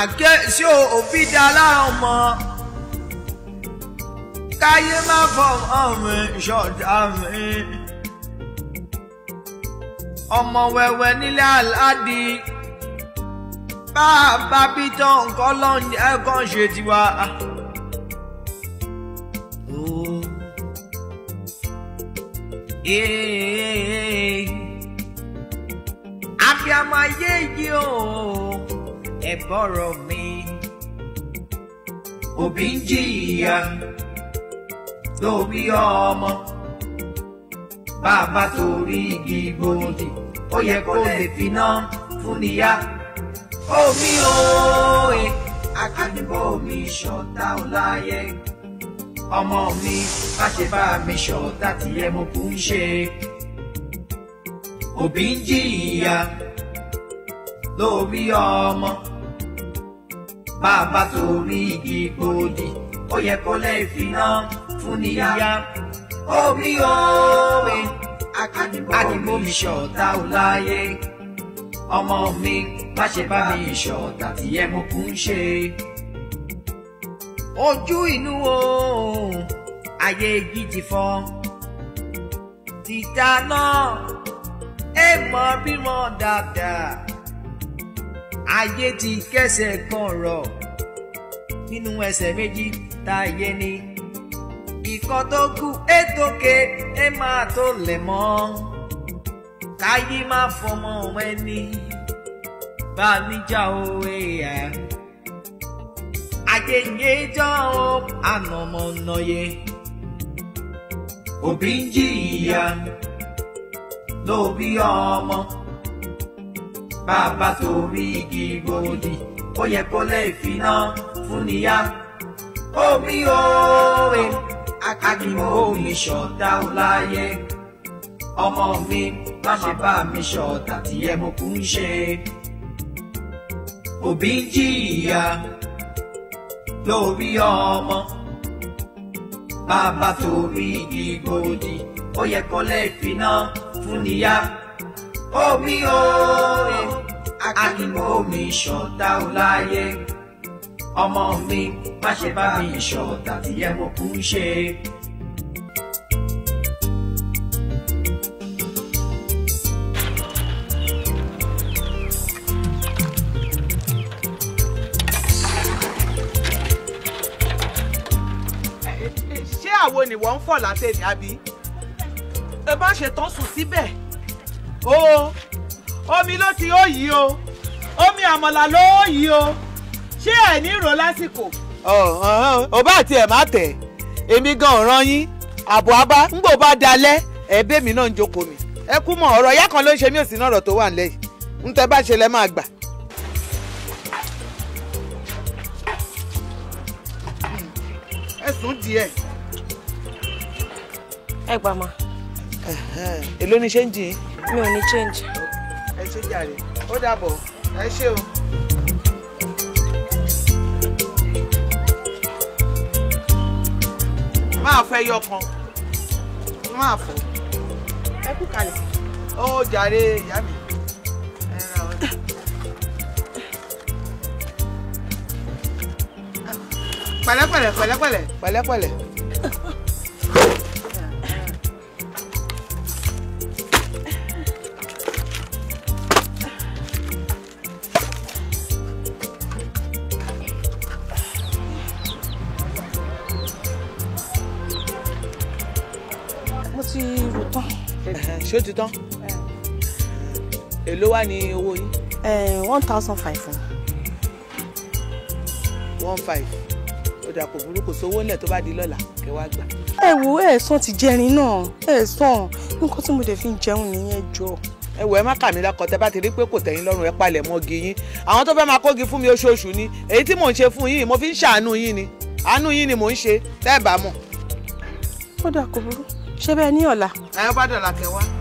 àké sí òbí da láwọn ọmọ káyé má fọmọ mi ṣọ̀dá mi ọmọ wẹ̀wẹ̀ nílé aládì bá a bá bí tán nǹkan lọ́njẹ́ ẹ̀kan ṣe tiwa. Abiyamọ ayé yìí ooo ẹ bọ́rọ̀ mi. òbí ń jìyà lóbi ọmọ bàbá torí igi gbòdì ó yẹ kó lè finá fún níyà. omi òòè akádùúgbò mi ṣọ̀tá ọláyẹ ọmọ mi má ṣe bá mi ṣọ̀tá tìyẹ mo kù ń ṣe òbí ń jìyà lórí ọmọ bàbá sórí igi gbòdì ó yẹ kọ́lẹ́ ìfiná fún níyà omi òwe akínbómi ṣọ̀tá ò láyé ọmọ mi má bá mi ṣọ̀tá tí ẹ mọ̀ kún ṣe. ojú inú o ayé gidi fọ́ títa náà ẹ mọ̀ bímọ dáadáa ayé ti kẹsẹ̀ kan rọ̀ nínú ẹsẹ̀ méjì tá a yé ni. ìkan tó kù ètòkè ẹ máa tó lẹ̀ mọ́ káyí má fọmọ ọmọ ẹni bá a níjà o ẹ̀yà. àjẹyẹ jọ o ànàmọ́ nọyẹ òbí ń jìyà lóbi ọmọ bàbá torí igi gbòdì ó yẹ kó lè fi náà. Funiya omi òwe akímọ̀ omi ṣọ̀tá ọláyé ọmọ mi má ṣe bá mi ṣọ̀tá tí ẹ mọ̀ kú ń ṣe. òbí ń jìyà lórí ọmọ bàbá torí ìgbòdì ó yẹ kó lè finá fúnìyá omi òwe akímọ̀ omi ṣọ̀tá ọláyé ọmọ mi má ṣe bá mi ṣọ̀tá tí ẹ mọ̀ kú ṣe. àwo ni wọ́n ń fọ̀ láti ẹ̀yìn àbí. ẹ bá ṣe tán sùn síbẹ̀. o omi ló ti ó yìí o omi àmàlà ló ó yìí o ṣé ẹ ní ìró lásìkò. ọba ati Ẹma má tẹ̀ èmi gan ọ̀ràn yín àbọ̀ abá ń bá dalẹ̀ mi náà ń jókòó mi ẹ kú mọ ọ̀rọ̀ ìyá kan ló ń ṣe mí tó wà ẹ gbà má. èló ni ṣé ń mi ò ní change. ẹ ṣe jàre ó dàbọ̀ ẹ máa fẹ́ yọ kan máa fọ. ẹ kú kalẹ̀. ó jàre ìyá mi. Ah, pẹ̀lẹ́pẹ̀lẹ́ pẹ̀lẹ́pẹ̀lẹ́ pẹ̀lẹ́pẹ̀lẹ́. ṣé ó ti tán èló wà ní owó yín. Eh, one thousand five. one five ó dà kò burúkú sówó ńlẹ̀ tó bá di lọ́la kẹ wá gbà. ẹ wo ẹ̀sán ti jẹrin náà ẹ̀sán nǹkan tí mo dẹ̀ fi ń jẹun nìyẹn jọ ẹ wọ ẹ má kà mí lákọ tẹ bá ti rí pé kò tẹ̀yìn lọ́rùn ẹ palẹ̀ mọ́ gi yín àwọn tó fẹ́ máa kógi fún mi oṣooṣù ni èyí tí mò ń ṣe fún yín mo fi ń ṣàánú yín ni àánú yín ni mò ń ṣe tẹ́ ẹ bá mọ̀. ó dà kó burú ṣé bẹ́ẹ̀ ní ọ̀la. ẹ bá dọ̀la kẹwàá.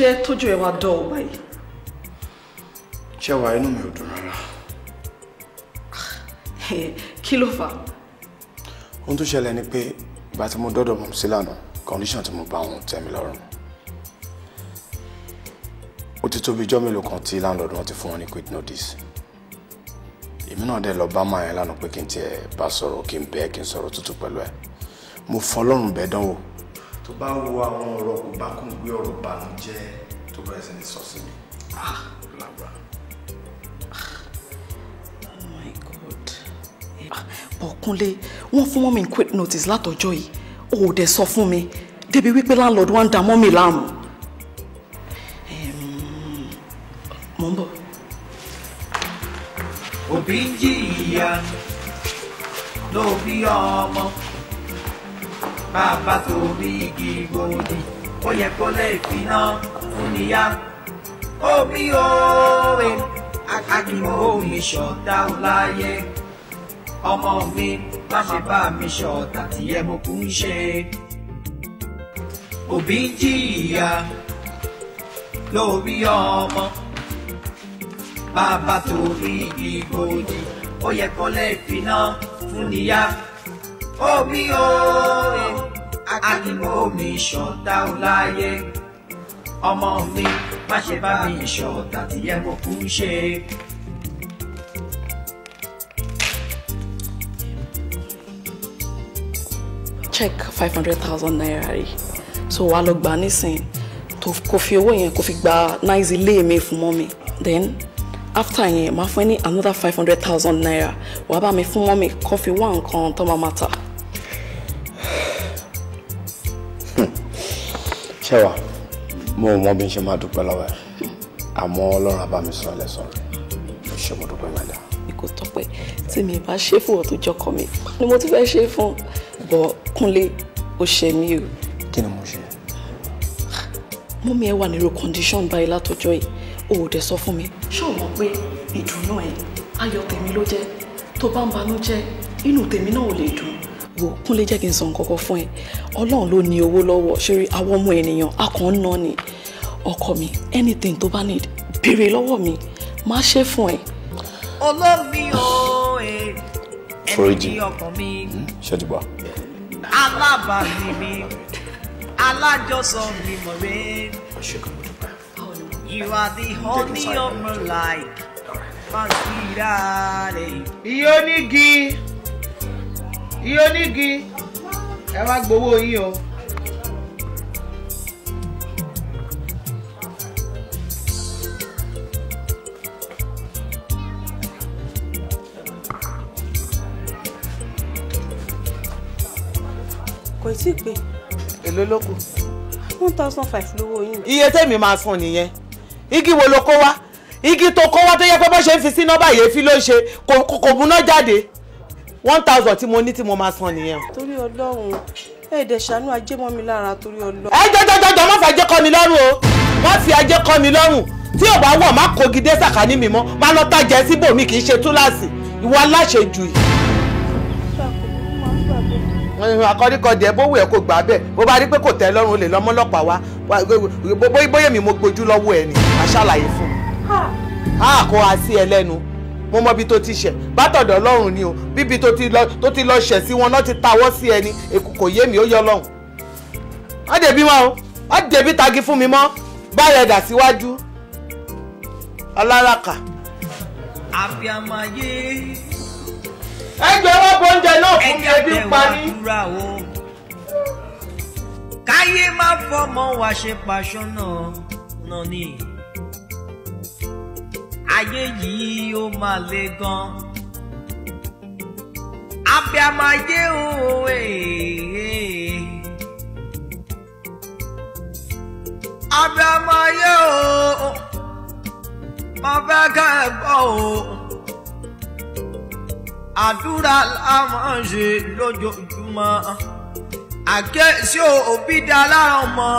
ṣe é tójú ẹ wá dọ̀ báyìí. ṣẹ́wàá inú mi ò dùn rárá. kí ló fà á. ohun tó ṣẹlẹ̀ ni pé ìgbà tí mo dọ́dọ̀ mọ̀ sí lánàá condition tí mo bá wọn tẹ́ mi lọ́rùn. ó ti tó ijọ́ mélòó kan tí láńlọ́ọ̀dù wọn ti fún wọn ní quit notice. èmi náà dẹ̀ lọ bá máa yẹn lánàá pé kí n tiẹ̀ bá sọ̀rọ̀ kí n bẹ́ẹ̀ kí n sọ̀rọ̀ tútù pẹ̀lú ẹ̀. mo fọlọ́run bẹ́ẹ̀ dánwò tó bá wo àwọn ọ̀rọ̀ kò bá kún gbé ọ̀rọ̀ bànújẹ́ tó bẹ̀rẹ̀ sí ní sọ sí mi ah, oh my god ah, bọ̀kúnlé wọ́n fún mọ́mí quick notice látọjọ́ yìí o ò dẹ̀ sọ fún mi débi wípé landlord wá ń da mọ́mí láàmú. mo ń bọ̀. òbí jìyà ló bí ọmọ bàbá sórí igi gbòdì ó yẹ kó lè finá fún níyà omi òwe akímọ̀ omi ṣọ̀tá láyé ọmọ mi má ṣe bá mi ṣọ̀tá tí ẹ mo kú ń ṣe òbí jìyà lórí ọmọ bàbá sórí igi gbòdì ó yẹ kó lè finá fún níyà omi òòrè akíkó mi ṣọ̀tá ò ọmọ mi má ṣe bá mi ṣọ̀tá tí yẹ mo kú ṣe. check five hundred thousand naira rí so wàá lọ gbà nísìnyí kò fi owó yẹn kò fi gba náìsí ilé mi fún mọ́ mi then after yẹn máa fún ẹ ní another five hundred thousand naira wàá bá mi fún mọ́ mi kó fi wá nǹkan tó máa ma ta. ṣẹ́wà mo mọ bí n ṣe máa dúpẹ́ lọ́wọ́ ẹ̀ àmọ́ ọlọ́run abámisọ ẹlẹ́sọ rẹ̀ mo ṣe mo dúpẹ́ mẹ́ta. kò tọpẹ tí mi bá ṣe fún ọ tó jọkọ mi ni mo ti fẹ́ ṣe fún bọ Kúnlé ó ṣe mí o. kí ni mo ṣe. mú mi ẹ wà nírò condition báyìí látọjọ́ yìí o ò dẹ sọ fún mi. ṣé o mọ̀ pé ìdùnnú ẹ ayọ̀ tèmi ló jẹ́ tó bá ń banú jẹ́ inú tèmi náà ò lè dùn wò kúnlé jẹ́ kí n sọ nǹkan kan fún ẹ ọlọ́run ló ní owó lọ́wọ́ ṣeré àwọn ọmọ ènìyàn a ń ná ọkọ mi anything tó bá need béèrè lọ́wọ́ mi má ṣe fún ẹ. olómi o eh, ẹni ọkàn mi hmm, alábàámi mi alájọsọ mi mọ̀rẹ́ you are the honey of my life. Masirare. Iyonigi iye onígi ẹ wá gbowó yín o. kò tí ì pé. èló ló kù. one thousand five lówó yín. iye tèmi máa san nìyẹn igi wo ló kó wá igi tó kó wá tó yẹ pé bó ṣe ń fi sí nọ́bà yẹn fi ló ṣe kò múná jáde one thousand tí mo ní tí mo máa san nìyẹn. torí ọlọ́run ẹ̀ẹ́dẹ̀ ṣàánú ajé mọ́ mi lára torí ọlọ́run. ẹ jọjọjọjọ má fi ajé kọ́ mi lọ́rùn o má fi ajé kọ́ mi lọ́rùn tí ò bá wọ̀ má kogi dé sàkání mi mọ́ má lọ tajà ẹ síbò mi kì í ṣe túláàsì ìwọ aláṣejù yìí. akọ́ríkọ̀dì ẹ bówù ẹ kò gbà bẹ́ẹ̀ bó bá rí pé kò tẹ́ lọ́rùn o lè lọ́mọ́ lọ́pàá wá bóyá mi mo gbójú lọ́wọ́ ẹ ni àṣàlàyé fún mi. a kò á sí ẹ lẹ́nu mo mọ ibi tó ti ṣẹ̀ bátọ̀dọ̀ ọlọ́run ni o bíbi tó ti lọ ṣẹ̀ sí wọn náà ti tawọ́ sí ẹni èkó kò yé mi ó yọ ọlọ́run. má dèbí mọ́ o má tagi fún mi mọ́ báyẹ̀ dà síwájú ọláràkà. àbíàmọ ayé. ẹgbẹ́ wọn bọ oúnjẹ náà fún mi ẹbí ń káyé má fọmọ wa ṣe pàṣọ náà náà ni ayé yìí ó máa le gan. abiyamọ ayé o ee. Eh, eh. abiyamọ ayé o mo fẹ́ kẹ́ ẹ gbọ́ o. àdúrà la máa ṣe lójoojúmọ́ àkẹ́sí òbí dá lára ọmọ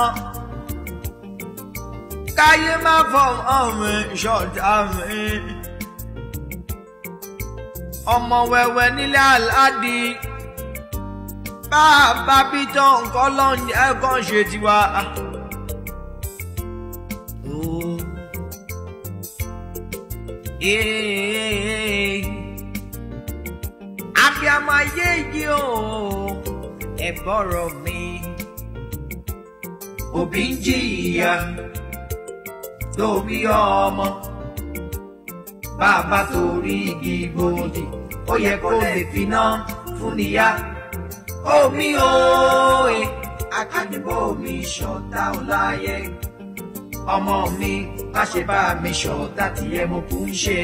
táyé má fọwọ́ mi ṣọ̀tá mi. ọmọ wẹ̀wẹ̀ nílé aládì bá a bá bí tán nǹkan lọ́nà ẹ̀kan ṣe tiwa. abiyamọ ayé yìí o ẹ bọ̀rọ̀ mi òbí ń yeah torí ọmọ bàbá torí igi gbòdì ó yẹ kó lè finá fún níyà omi òòyè akádìbò mi ṣọ̀tá ọláyẹ ọmọ mi má ṣe bá mi ṣọ̀tá tìyẹ mo kù ń ṣe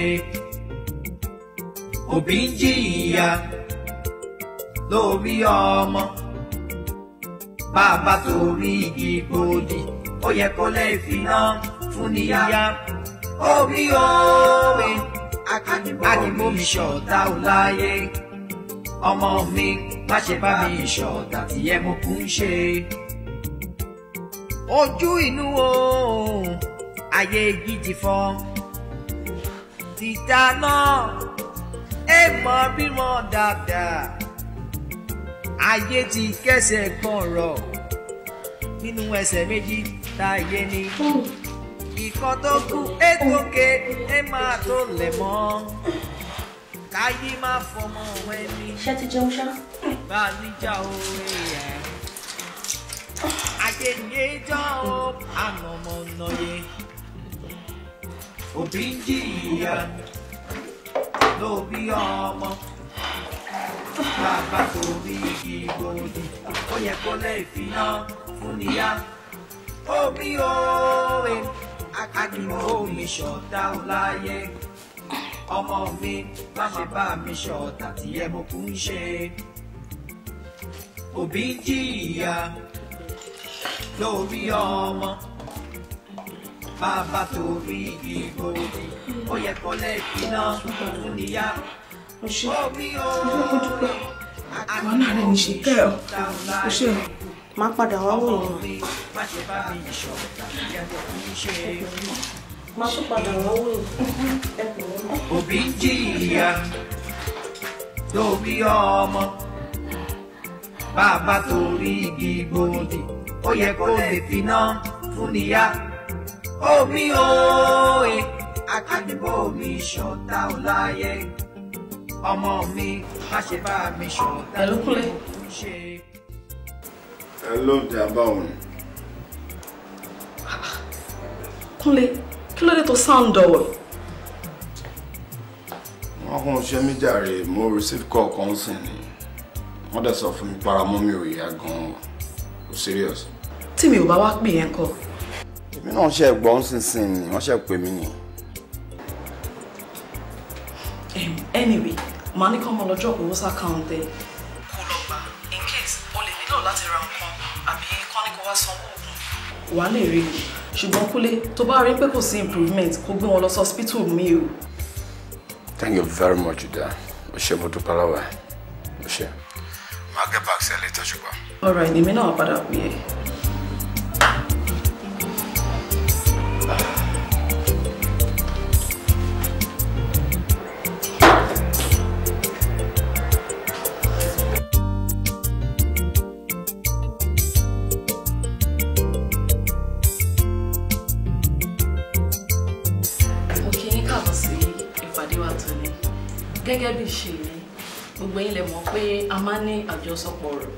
òbí ń jìyà lórí ọmọ bàbá torí igi gbòdì ó yẹ kó lè finá fún níyà orí òwe akíbomi ṣọ̀tá ò láyé ọmọ mi má bá mi ṣọ̀tá tí ẹ mo kún ṣe. ojú inú o ayé gidi fọ́ tìta náà ẹ mọ bí wọn dáadáa ayé ti kẹsẹ̀ kan nínú ẹsẹ̀ méjì tá a yé ni. Oh ìkan tó kù ètòkè ẹ máa tó lẹ̀ mọ́ káyé má fọmọ ẹni. ṣé ti jẹun ṣá. bá a níjà oore ẹ̀ àjẹyẹ jọ ànàmọ̀ nàyẹ òbí ń jìyà lóbi ọmọ bàbá kò rí ìgbò òdì ó yẹ kó lè fi náà fún níyà òbí oore akíwò mi ṣọ̀tá o láyé ọmọ mi má bá mi ṣọ̀tá tí ẹ mo kú ń ṣe òbí jìyà lórí ọmọ bàbá torí ìdìbò ó yẹ kọ́lẹ́ẹ̀kì náà fún níyà omi ooo akíwò mi ṣọ̀tá o máa padà wá wò yín máa tún padà wá wò yín ẹ pè mí. òbí jìyà lórí ọmọ bàbá torí igi gbòdì ó yẹ kó lè finá fún níyà omi òòyì akádìbò mi ṣọ̀tá ọláyé ọmọ mi má ṣe bá mi ṣọ̀tá lórí ṣe. I love ń da báwọn ni. kúnlé kí sound dọ̀wọ̀. wọ́n kún ṣe mí jàre mo receive call kan sí ni wọ́n dẹ̀ sọ fún mi para mọ́ mi ò yá gan-an o serious. tí mi ò bá wá pè yẹn kọ. èmi náà ṣe gbọ́n sínsìn ni wọ́n ṣe pè mí ni. anyway màá ní kọ́ ọmọ lọ́jọ́ òwúsà káwọn tẹ́. sanwó mi. wà á lè rí i ṣùgbọ́n kúlé tó bá rí pé kò sí improvement kó gbé wọn lọ sí hospital mi o. thank you very much Uda o ṣe mo dúpẹ́ lọ́wọ́ ẹ o ṣe. máa gẹ́ bá a ṣe ọ̀rọ̀ ìdí mi náà padà wí ẹ́. àjọsọpọ̀ rẹ̀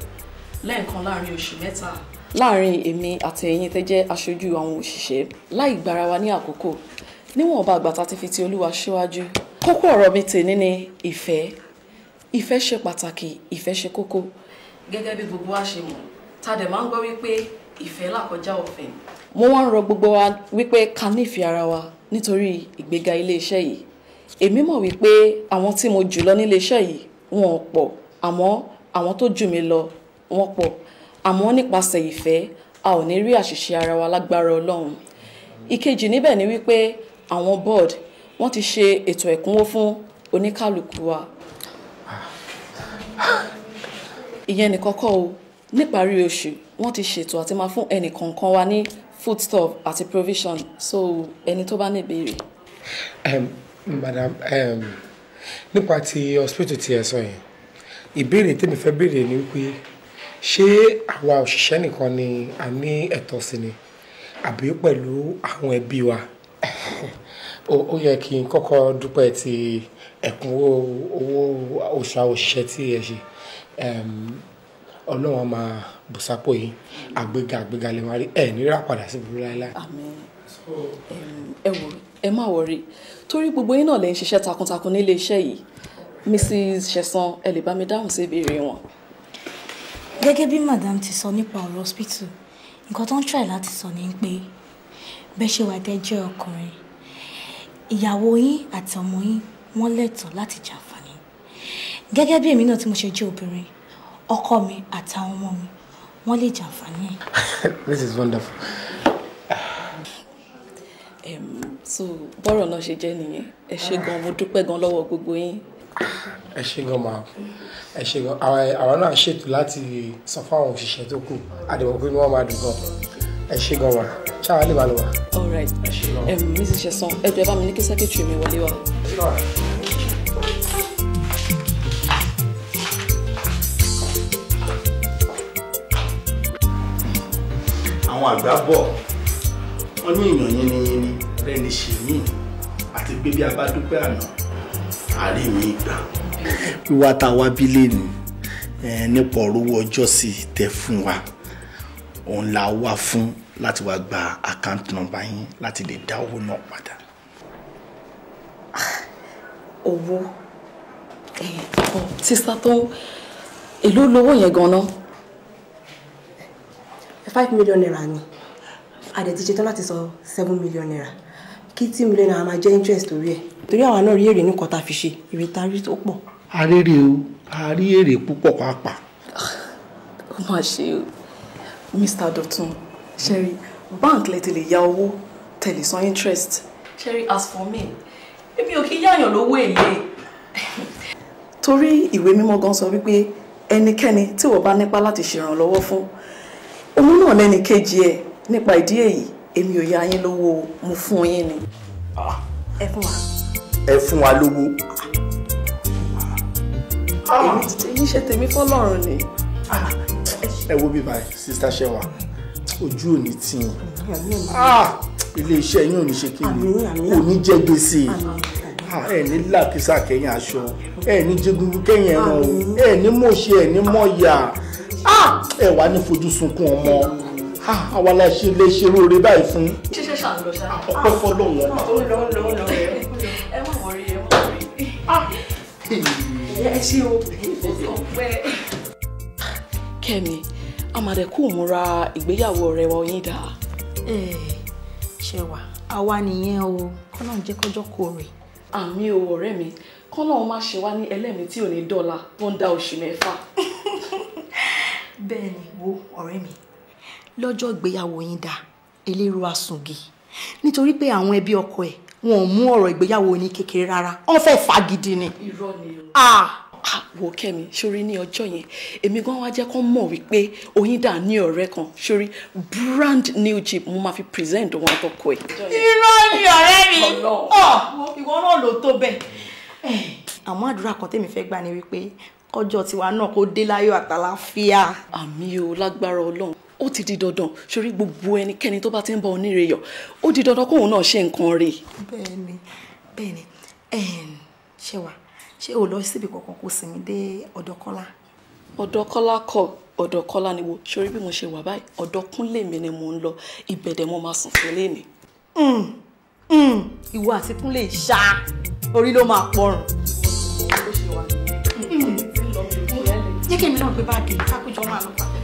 lẹ́ẹ̀kan láàrin oṣù mẹ́ta. láàrin èmi àti ẹ̀yin tẹ́ jẹ́ aṣojú àwọn òṣìṣẹ́ láì gbára wa ní àkókò níwọ̀nba àgbà tá ti fi ti olúwa síwájú kókó ọ̀rọ̀ mi tèmi ni ìfẹ́ ìfẹ́ ṣe pàtàkì ìfẹ́ ṣe kókó. gẹ́gẹ́ bí gbogbo wa ṣe mọ̀ ta dẹ̀ máa ń gbọ́ wípé ìfẹ́ làkọjá ọ̀fẹ́. mo wá ń rọ gbogbo wa wípé ká nífẹ̀ẹ́ ara wa nítorí ìgbéga iléeṣẹ́ yìí èmi mọ̀ wípé àwọn tí mo jù níléeṣẹ́ yìí wọn ò pọ̀ àmọ́ àwọn tó jù mí lọ wọ́n pọ̀ àmọ́ nípasẹ̀ ìfẹ́ a ò ní rí àṣìṣe ara wa lágbára ọlọ́run ìkejì níbẹ̀ ni wípé àwọn board wọ́n ti ṣe ètò ẹ̀kúnwó fún oníkálukú wa ìyẹn nìkọ́kọ́ o níparí oṣù wọ́n ti ṣètò àti máa fún ẹnìkọ̀ọ̀kan wa ní foodstuff àti provision so ẹni tó bá ní ìbéèrè. madam um, nípa ti hospital tí ẹ sọ yẹn ìbéèrè tèmi fẹ́ béèrè ni wípé ṣé àwa òṣìṣẹ́ nìkan ni a ní ẹ̀tọ́ sí ni àbí pẹ̀lú àwọn ẹbí wa ó yẹ kí n kọ́kọ́ dúpẹ́ ti ẹ̀kúnwó owó oṣù àwọn òṣìṣẹ́ tí ẹ ṣe ọlọ́run máa bùsápò yìí àgbéga àgbéga lè máa rí ẹ̀ nírà padà sí burú láéláé. àmín ẹ wò ẹ má wọrí torí gbogbo yín lè ń ṣiṣẹ́ takuntakun nílé iṣẹ́ yìí Mrs. Shesan ẹ lè bá mi dáhùn sí ìbéèrè wọn. gẹ́gẹ́ bí madam ti sọ nípa ọ̀rọ̀ hospital nǹkan tó ń try láti sọ ni pé bẹ́ẹ̀ ṣe wà tẹ́ jẹ́ ọkùnrin ìyàwó yín àti ọmọ yín wọ́n lẹ́tọ̀ọ́ láti jàǹfààní gẹ́gẹ́ bí èmi náà tí mo ṣe jẹ́ obìnrin ọkọ mi àtàwọn ọmọ mi wọ́n lè jàǹfààní. This is wonderful. um, so bọ́rọ̀ náà ṣe jẹ́ nìyẹn ẹ ṣe gan mo dúpẹ́ gan lọ́wọ́ gbogbo yín ẹ ṣe gan ma ẹ ṣe gan àwa náà ṣètò láti sọ fún àwọn òṣìṣẹ́ tó kù àdìmọ̀ pé wọ́n máa dùn gan ẹ ṣe gan ma ṣáà lè máa lọ mrs sheson ẹ bá mi ní kí sẹ́kẹ̀tì mi wọlé wa. àwọn àgbà bọ̀ wọ́n ní èèyàn yín ni yín ni rẹ̀ ní ṣèyí àti pé bí a bá dúpẹ́ àná àárí mi gbà. wíwá tá a wá bí lẹ́nu nípa ọ̀rọ̀wọ́ ọjọ́ sí tẹ fún wa òun la wá fún láti wá gba àkáǹtì nọ́mbà yín láti lè dá owó náà padà. owó ẹ̀ẹ́dọ́ sísá tó èló lówó yẹn gan five million naira ni a dẹ̀ ti ṣetán láti sọ seven million naira kí tí million naira máa jẹ́ interest lórí ẹ̀ torí àwa náà rí èrè nìkan tá a fi ṣe èrè tá a rí tó pọ̀. a rí èrè o a rí èrè púpọ̀ pàápàá. ó mà ṣe o Mr. Dotun sherry bank lè ti lè ya owó tẹ̀lé san interest sherry as for me èmi ò kí yáyàn lówó èlé. torí ìwé mímọ́ gan sọ wípé ẹnikẹ́ni tí wọ́n bá nípa láti ṣèrànlọ́wọ́ fún òun náà lẹ́ni kejì ẹ̀ nípa ìdí èyí èmi ò yá yín lówó mo fún yín ni. Ah. ẹ fún wa ẹ fún wa lówó. Ah. èyí ṣe tèmi fọlọ́run ni. ẹ wo bí sister, sista ṣẹwà ojú ò ti. tì yín ah, ilé iṣẹ́ yín ò ní ṣe kíni kò ní jẹ́ gbèsè ah, ẹ ní làkísà kẹyìn aṣọ ẹ ní jẹgúngún kẹyìn ẹran o ẹ ní mọṣẹ ẹ ní mọyà ẹ wà ní fojú sunkún ọmọ àwa la ṣe lè ṣe lóore báyìí fún. ṣíṣe ṣàlùlọ ṣáà. ẹ ṣe o ọpẹ́. Kẹ́mi amàdẹ̀kù múra ìgbéyàwó ọ̀rẹ́ wa oyin dà. ṣẹwà àwa nìyẹn o kọ́lọ́n jẹ́ kọjọ́ kórè. àmì o ọ̀rẹ́ mi kọ́lọ́n má ṣe wá ní ẹlẹ́mìí tí ò ní dọ́là tó ń da oṣù mẹ́fà. bẹ́ẹ̀ ni wo ọ̀rẹ́ mi lọ́jọ́ ìgbéyàwó yín dà elérò asùnge nítorí pé àwọn ẹbí ọkọ ẹ̀ wọn ò mú ọ̀rọ̀ ìgbéyàwó ní kékeré rárá wọ́n fẹ́ fagidi ni. irọ́ ni o ah. ah, wo kẹmi sori ní ọjọ́ yẹn èmi gan wá jẹ́ kó mọ̀ wípé Oyinda ní ọ̀rẹ́ kan sori brand new jeep mo máa fi present wọn àtọkọ ẹ. irọ́ ni ọ̀rẹ́ mi ah, ìwọ náà ló tó bẹ́ẹ̀. Eh, àmọ́ àdúrà kan tèmi fẹ́ gbà ni wípé kọjọ́ tiwa náà kó dé láyọ̀ àtàlàáfíà. àmì o lágbára Ọlọ́run ó ti di dandan sórí gbogbo ẹnikẹ́ni tó bá ti ń bọ onírè yọ ó di dandan kóun náà ṣe nǹkan rẹ̀. bẹ́ẹ̀ni bẹ́ẹ̀ni ṣé wàá ṣé o lọ síbi kankan kó sinmi dé ọ̀dọ̀ Kọ́lá. ọ̀dọ̀ Kọ́lá ni wo sórí bí mo ṣe wà báyìí ọ̀dọ̀ Kúnlé mi ni mo ń lọ ìbẹ̀dẹ̀ mo máa sùn sílé ni. Hmm, hmm. ìwọ àti Kúnlé ṣá orí ló máa pọrùn. Hmm, jẹ́ kí èmi náà gbé báàgì kápẹ́jọ́ máa lọ pàtẹ́.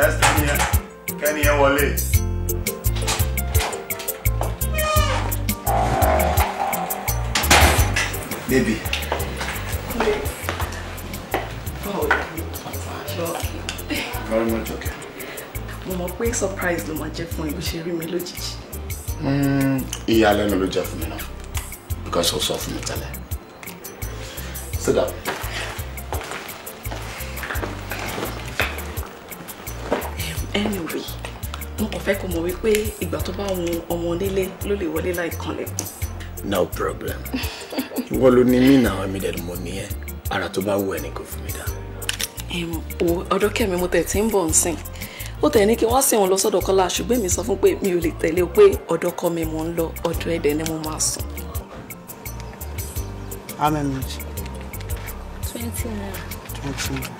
tẹ́sítì nìyẹn kẹ́ni yẹn wọlé. bébì. very much okay. mo mọ̀ pé surprise ló máa jẹ́ fún ẹ bó ṣe rí mi lójijì. Hmm, ìyàlẹ́nu ló jẹ́ fún mi náà because ó so fún mi tẹ́lẹ̀. sit down. anyway mo kàn fẹ́ kó mọ̀ wípé ìgbà tó bá wọn ọmọ onílé ló lè wọlé láì kanlẹ̀kùn. no problem ìwọ ló ní mí náà mi dẹ̀ mo ní ẹ ara tó bá wù ẹ ní kò fún mi dá. wo ọdún kẹmi mo tẹ̀ tí ń bọ̀ ń sìn ó tẹ̀ ní kí wọ́n sìn wọn lọ sọ́dọ̀ Kọ́lá ṣùgbọ́n mi sọ fún pé mi ò lè tẹ̀lé o pé ọ̀dọ̀ kọ́ mi mò ń lọ ọ̀dọ̀ ẹ̀dẹ̀ ni mo máa sùn. how twenty naira. twenty naira.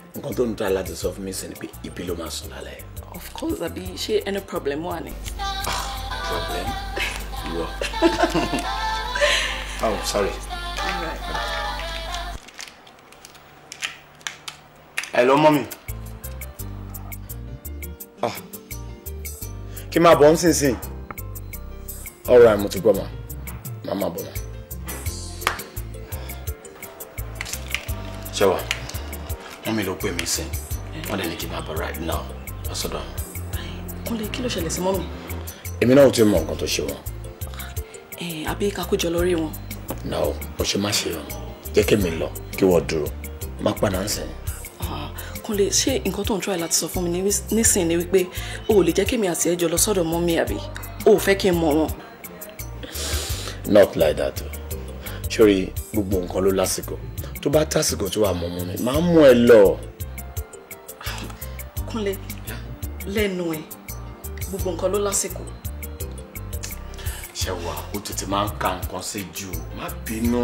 nǹkan tó ń ta láti sọ fún mi sí ni ibi ló máa sùn lálẹ́. of course àbí ṣé any problem wà ni. problem ìwọ. oh sorry. Right. hello mọ́mí. Ah. kí n máa bọ̀ ń sìn sìn. all right mo ti gbọ́ ma màá máa bọ̀ ma. pè mí sí wọ́n lè ní kí n máa bọ̀ right now lọ́sọ̀dọ̀ mi. kúnlẹ̀ kí ló ṣẹlẹ̀ sí mọ́mì. èmi náà ò tí ì mọ nǹkan tó ṣe wọn. àbí kakójọ lọ rí wọn. no o ṣe má ṣe o jẹ́ kí mi lọ kí wọ́n dúró má pa náà ń sìn. Ah, kúnlẹ̀ ṣé nǹkan tó ń try láti sọ fún mi nísìnyí ni wípé o ò lè jẹ́ kí mi àti ẹjọ́ lọ sọ́dọ̀ mọ́mì àbí o ò fẹ́ kí n mọ wọn. not like that o ṣórí gbogbo nǹkan ló lásìkò tó bá tásìkò tó wà mọ́ mọ́ mi máa ń mú ẹ lọ. Kúnlé lẹ́nu ẹ̀ gbogbo nǹkan ló lásìkò. ṣẹ̀wà ó tètè máa ń ka nǹkan sí jù má bínú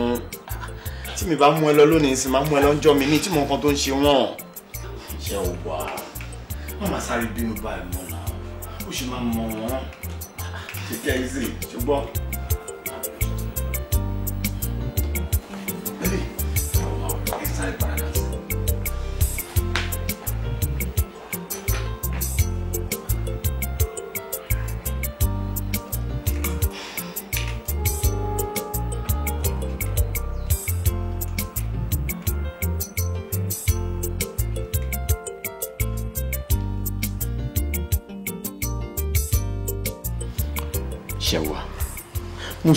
tí mi bá mú ẹ lọ lónìí sì máa mú ẹ lọ́jọ́ mi ní tí mo nǹkan tó ń ṣe wọ́n. ṣẹ̀wà má má sáré bínú báyìí mọ́ náà ó sì máa mọ̀ wọ́n kíkẹ́ ẹ́ sì ṣùgbọ́n.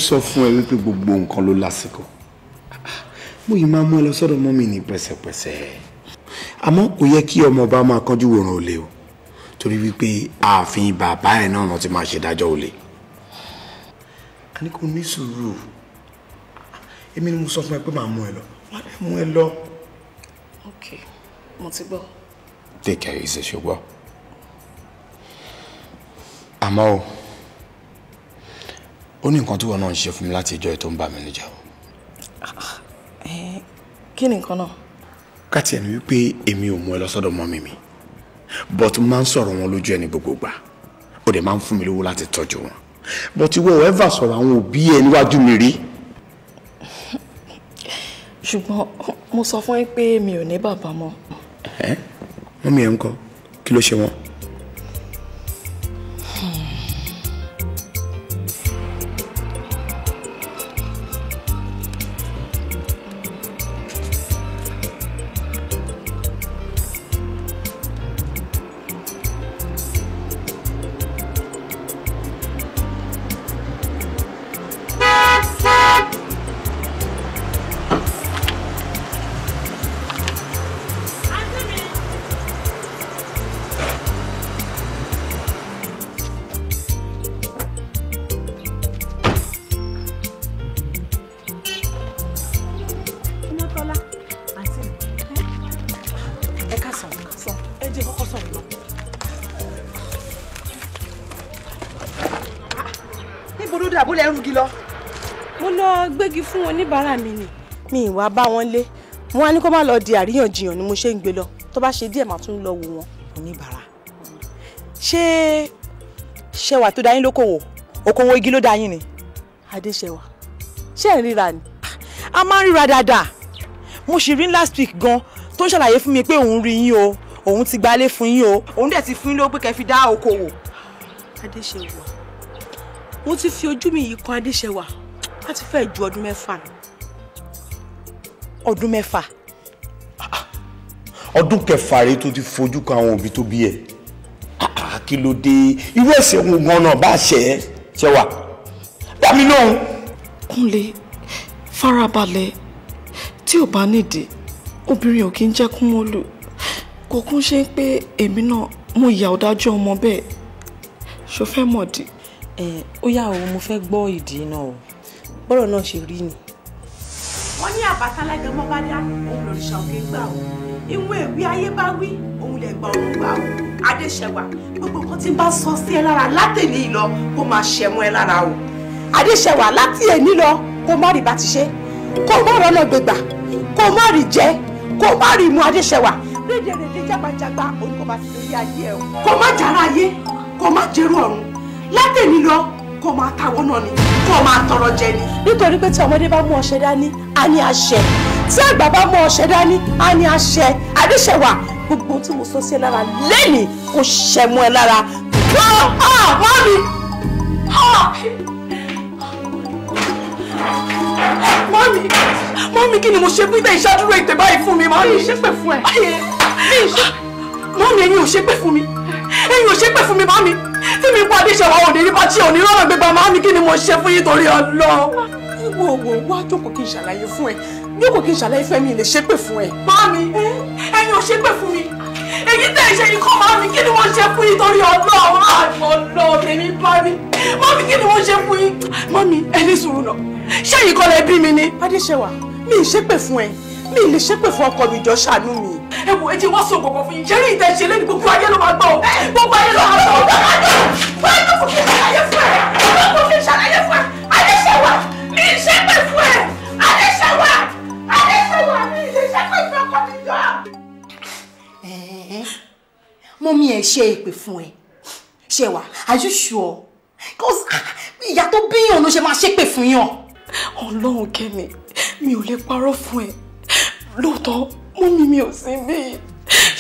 sọ fún ẹ wípé gbogbo nǹkan ló lásìkò mo yìí máa mú ẹ lọ sọ́dọ̀ mọ́mì ní pẹ̀sẹ̀pẹ̀sẹ̀ àmọ́ kò yẹ kí ọmọ ọba máa kánjú wòran olè o torí wípé ààfin bàbá ẹ náà ti máa ṣèdájọ́ olè. a ní kò ní sùúrù èmi ni mo sọ fún ẹ pé màá mú ẹ lọ wàá dé mú ẹ lọ. ok mo ti gbọ́. take care ìṣèṣogbọ́ àmọ́ o ó ní nǹkan tí wọn náà ń ṣe fún mi láti ìjọ tó ń bà mí níjà kí ni nǹkan náà. káti ẹni wípé èmi ò mú ẹ lọ sọ́dọ̀ mọ́mì mi but máa ń sọ̀rọ̀ wọn lójú ẹni gbogbo gbà ó dẹ̀ máa ń fún mi lówó láti tọ́jú wọn but ìwọ ò ever sọ̀rọ̀ àwọn òbí ẹ níwájú mi rí. ṣùgbọ́n mo sọ fún ẹ pé mi ò ní bàbá mọ́. mọ́mì ẹ̀ ń kọ́ kí ló ṣe wọ́n. yẹgi fún oníbàárà mi ni mi ìwà bá wọn lé wọn á ní kó má lọ di àríyànjiyàn ni mo ṣe ń gbé lọ tó bá ṣe díẹ̀ màá tún lọ wo wọn oníbàárà ṣé ṣẹwà tó dá yín lókòwò okòwò igi ló dá yín ni adéṣẹwà ṣé ẹ̀ ń ríra ni a máa ń ríra dáadáa mo sì rí last week gan tó ṣàlàyé fún mi pé òun rí yín o òun ti gbalé fún yín o òun dẹ̀ ti fún yín lówó pé kẹ́ fi dá okòwò. adéṣẹwà mo ti fi ojú mi yìí kan adéṣẹwà a ti fẹ́ ju ọdún mẹ́fà ni. ọdún mẹ́fà. ọdún kẹfà rèé tó ti fojú kan àwọn òbí tó bí ẹ ah, kí ló dé irú ẹ̀ṣẹ̀ wo ganan bá ṣe ẹ ṣe wà dá mi lóhùn. kúnlé farabalẹ̀ tí ò bá nídìí obìnrin ò kí ń jẹ́ kún mọ́ lò kò kún ṣe pé èmi náà mo ìyà ọ̀dájú ọmọ bẹ́ẹ̀ ṣo fẹ́ mọ̀ dì. ẹ ó yà ó mo fẹ́ gbọ́ ìdí náà o bọ́rọ̀ náà ṣe rí ni. wọ́n ní àbátálágẹ mọ́ bá dá òun lòrìṣà òkè gbà o ìwé ìwé ayé bá wí òun lè gbà òun gbà o adéṣẹwà gbogbo nǹkan tí ń bá sọ sí ẹ lára látẹ̀lé ìlọ kó máa ṣẹmú ẹ lára o adéṣẹwà láti èní lọ kó má rí bá ti ṣe kó má rọ́nà gbégbà kó má rí jẹ kó má rí mu adéṣẹwà lédè rèé jágbajàgba oníkọ̀ọ́ bá ti lórí ayé ẹ o kó má jára ayé kó má jẹ́rú ọ̀run látẹ̀lé lọ kó máa tawọ́ náà ni kó máa tọrọ jẹ ni. nítorí pé tí ọmọdé bá mú ọṣẹ dání a ní àṣẹ tí àgbà bá mú ọṣẹ dání a ní àṣẹ àdéṣẹwà gbogbo tí mo sọ sí ẹ lára lẹ́nìí kò ṣẹ̀ mọ́ ẹ lára. mọ́ mi mọ́ mi mọ́ mi kí ni mo ṣe bí tẹ ìṣàdúró ètè báyìí fún mi mọ́ mi ṣépè fún ẹ mọ́ mi ẹ̀yin ò ṣépè fún mi ẹ̀yin ò ṣépè fún mi mọ́ mi tí mi pa adéṣẹ́wà òní nípa tí òní rọ̀rọ̀ gbégbá máa ní kí ni mo ṣe fún yín torí Ọlọ́run. ìwọ òwò wá jókòó kí n ṣàlàyé fún ẹ jókòó kí n ṣàlàyé fẹ́ mi lè ṣépè fún ẹ. Màámi ẹ̀yin ò ṣépè fún mi èyí tẹ̀ ṣe yìí kọ́ màámi kí ni mo ṣe fún yín torí Ọlọ́run àgbọ̀ Ọlọ́run tèmi bá mi màámi kí ni mo ṣe fún yín. màámi ẹni sùúrù lọ ṣé yìí kọ́ lẹ bí mi ni. adéṣẹ́wà mi ì ṣépè fún ẹ mi lè ṣépè fún ọkọ mi jọ ṣàánú mi. ẹ wo ẹjẹ wá sọ̀rọ̀ kankan fún yín jẹ́rìí ìtẹ́ ṣe lẹ́nu gbogbo ayé ló máa gbọ́ gbogbo ayé ló máa gbọ́ báyìí ló fòfin ṣàlàyé fún ẹ báyìí ló fòfin ṣàlàyé fún ẹ adéṣẹ́wà mi lè ṣépè fún ẹ adéṣẹ́wà adéṣẹ́wà mi lè ṣépè fún ọkọ mi jọ. mọ mi ẹ ṣe èpè fún ẹ ṣe wà are you sure cause ah, ìyá tó bíyàn ló ṣe máa ṣépè fún yàn. ọlọ́run kẹ́mi mi ò lè parọ́ fún ẹ lóòótọ́ mọ́mí mi ò sí bí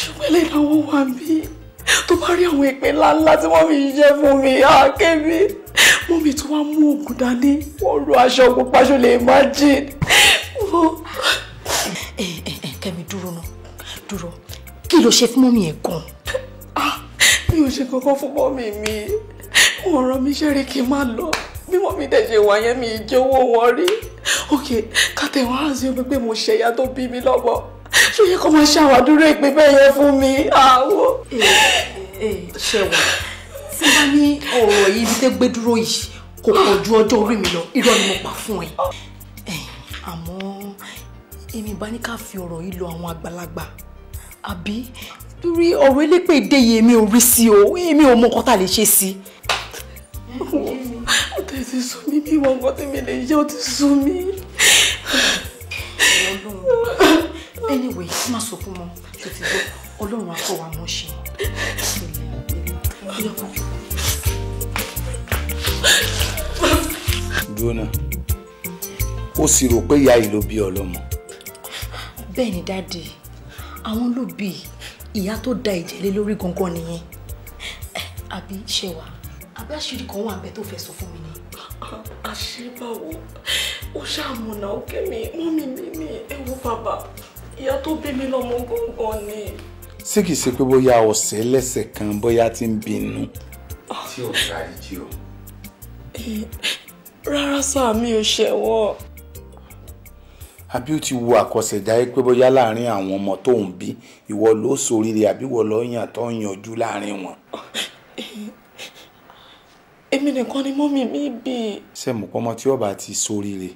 ṣùgbọ́n ẹlẹ́dàá wọ́n wà bí tó bá rí àwọn ìpè ńláńlá tí wọ́n fi ṣiṣẹ́ fún mi àkébí mọ́mí tó wá mú oògùn dání wọ́n ro aṣọ ogun paṣọ lè má jìn. ẹ ẹ ẹ kẹ́mi dúró náà dúró kí ló ṣe fún mọ́mí ẹ̀ gan ah, mi ò ṣe kankan fún mọ́mì mi wọ́n rán mi ṣẹ́rí kí n má lọ bí wọ́n mi dẹ̀ ṣe wà yẹn mi ìjówó wọn rí ok kàtẹ́ wọn á sí omi pé mo ṣẹ̀yà tó bí mi lọ́mọ ṣó yẹ kó máa ṣàwádúró ìpè bẹ́ẹ̀ yẹn fún mi àwọ̀. ṣẹ̀wọ̀n tí bá ní ọ̀rọ̀ yìí ní tẹ́ gbé dúró yìí kò pọ̀ ju ọjọ́ orí mi lọ irọ́ ni mo pa fún ẹ. àmọ́ èmi bá ní ká fi ọ̀rọ̀ yìí lọ àwọn àgbàlagbà àbí torí ọ̀rọ̀ elépè ìdéyè mi ò rí sí o èmi ò mọ nǹkan tá a lè ṣe sí tẹ̀ ti sún mi bí ìwọ̀n nǹkan tẹ̀mí lè jẹ́ ó sún mi. anyway má sọ fún mọ tó ti gbọ́ ọlọ́run akọ́wà mọ́ ṣe dúnà ó sì rò pé ìyá yìí ló bí ọlọ́mọ. bẹ́ẹ̀ ni dáàdì àwọn ló bí ìyá tó da ìjẹ́ lé lórí gangan nìyẹn àbí ṣẹwà àbí àṣírí kan wà bẹ́ẹ̀ tó fẹ́ sọ fún mi ni àṣebáwo ó ṣàmùnà ó kẹ́mi mọ́mí mi ní ewu bàbá ìyá tó bí mi lọ́mọ gbọ̀ngàn ni. ṣé kìí ṣe pé bóyá ọ̀sẹ̀ lẹ́sẹ̀ kan bóyá ti ń bínú. tí ò sáré jí o. rárá sáà mi ò ṣẹ̀wọ́. àbí ó ti wo àkọsẹ̀jáyé pé bóyá láàárín àwọn ọmọ tó ń bí ìwọ ló ṣoríire àbí ìwọ ló yàn tó ń yanjú láàárín wọn. èmi nìkan ni mọ́mì mi bí. sẹ́mu pọ́nmọ́ tí ọba ti soríire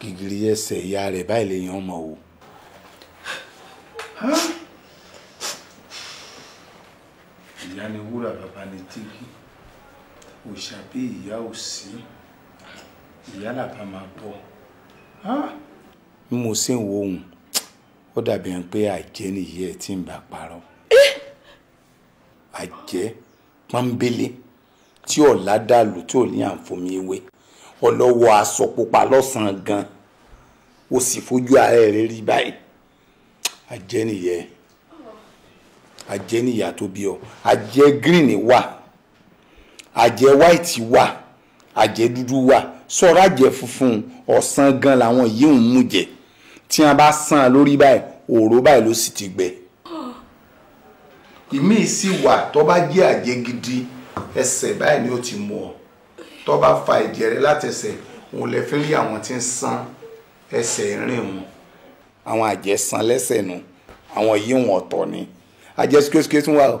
gìgìrì ẹsẹ̀ ìyá rẹ̀ báyìí lè yan mọ̀ o. ìyá ni wúrà bàbá ni tíkì òòṣà bí ìyá ò sí ìyá làbá máa bọ. bí mo ṣe ń wo ohun ó dàbí ẹni pé àjẹ́ nìyí ẹ̀ tí ń bá parọ́ eh? àjẹ́ pọ́nbélé tí ọ̀la dàlù tí ò ní àǹfòmí ewé ọlọ́wọ́ aṣọ pupa lọ́sàn-án gan o sì fojú ara rẹ̀ rí báyìí ajẹ́nìyẹ ajẹ́nìyà tó bí ọ ajẹ́ green wà ajẹ́ white wà ajẹ́ dúdú wà sọ̀rọ̀ ajẹ́ funfun ọ̀sán gan làwọn yìí ń mú jẹ tí wọn bá sàn lórí báyìí òòró báyìí ló sì ti gbẹ ìmíì sì wà tó bá jẹ́ àjẹ́ gidi ẹsẹ̀ báyìí ni ó ti mú ọ tó bá fa ẹ̀jẹ̀ rẹ látẹsẹ̀ òun lè fi rí àwọn tí ń san ẹsẹ̀ rìn wọn. àwọn àjẹsán lẹ́sẹ̀ nu àwọn yìí wọn ọ̀tọ̀ ni àjẹ sikesike tún wà o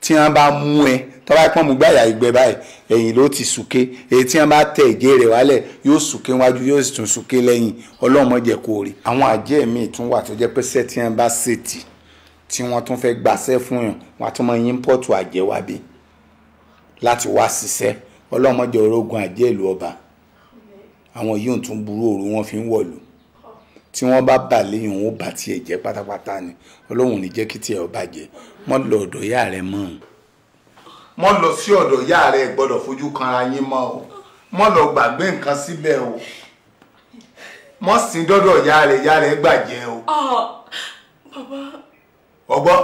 tí wọn bá mú ẹ tó bá pọ́n mú gbàyà ìgbẹ́ báyìí ẹ̀yìn ló ti sùké èyí tí wọn bá tẹ ẹ̀jẹ̀ rẹ̀ wálẹ̀ yóò sùké wájú yóò sì tún sùké lẹ́yìn ọlọ́mọ jẹ́ kó rí. àwọn àjẹ́ míì tún wà tó jẹ́ pé sẹ́tì wọn bá ṣètì tí wọ́n tún fẹ́ gbàṣẹ́ fún yàn wọ́n á tún mọ ímpọ́ọ̀tù àjẹ́ wá bí láti wá ṣiṣẹ́ ọlọ́mọdé orógun àjẹ́ ìlú ọba àwọn yìí ò tún burú òru wọn fi ń wọ̀lú tí wọ́n bá bà léyìn òun ó bà tiẹ̀ jẹ́ pátápátá ni ọlọ́run ò ní jẹ́ kí tiẹ̀ ó bàjẹ́ mọ́ lọ ọ̀dọ̀ ìyá rẹ mọ́ ọ́n. mọ́ lọ sí ọ̀dọ̀ ìyá rẹ gbọ́dọ̀ fojú kanra yín mọ́ o mọ́ lọ gbàgbé nǹkan síbẹ̀ o mọ́ sìn dọ́dọ̀ ìyá rẹ ìyá rẹ gbàjẹ́ o. Ah, bàbá ọgbọ́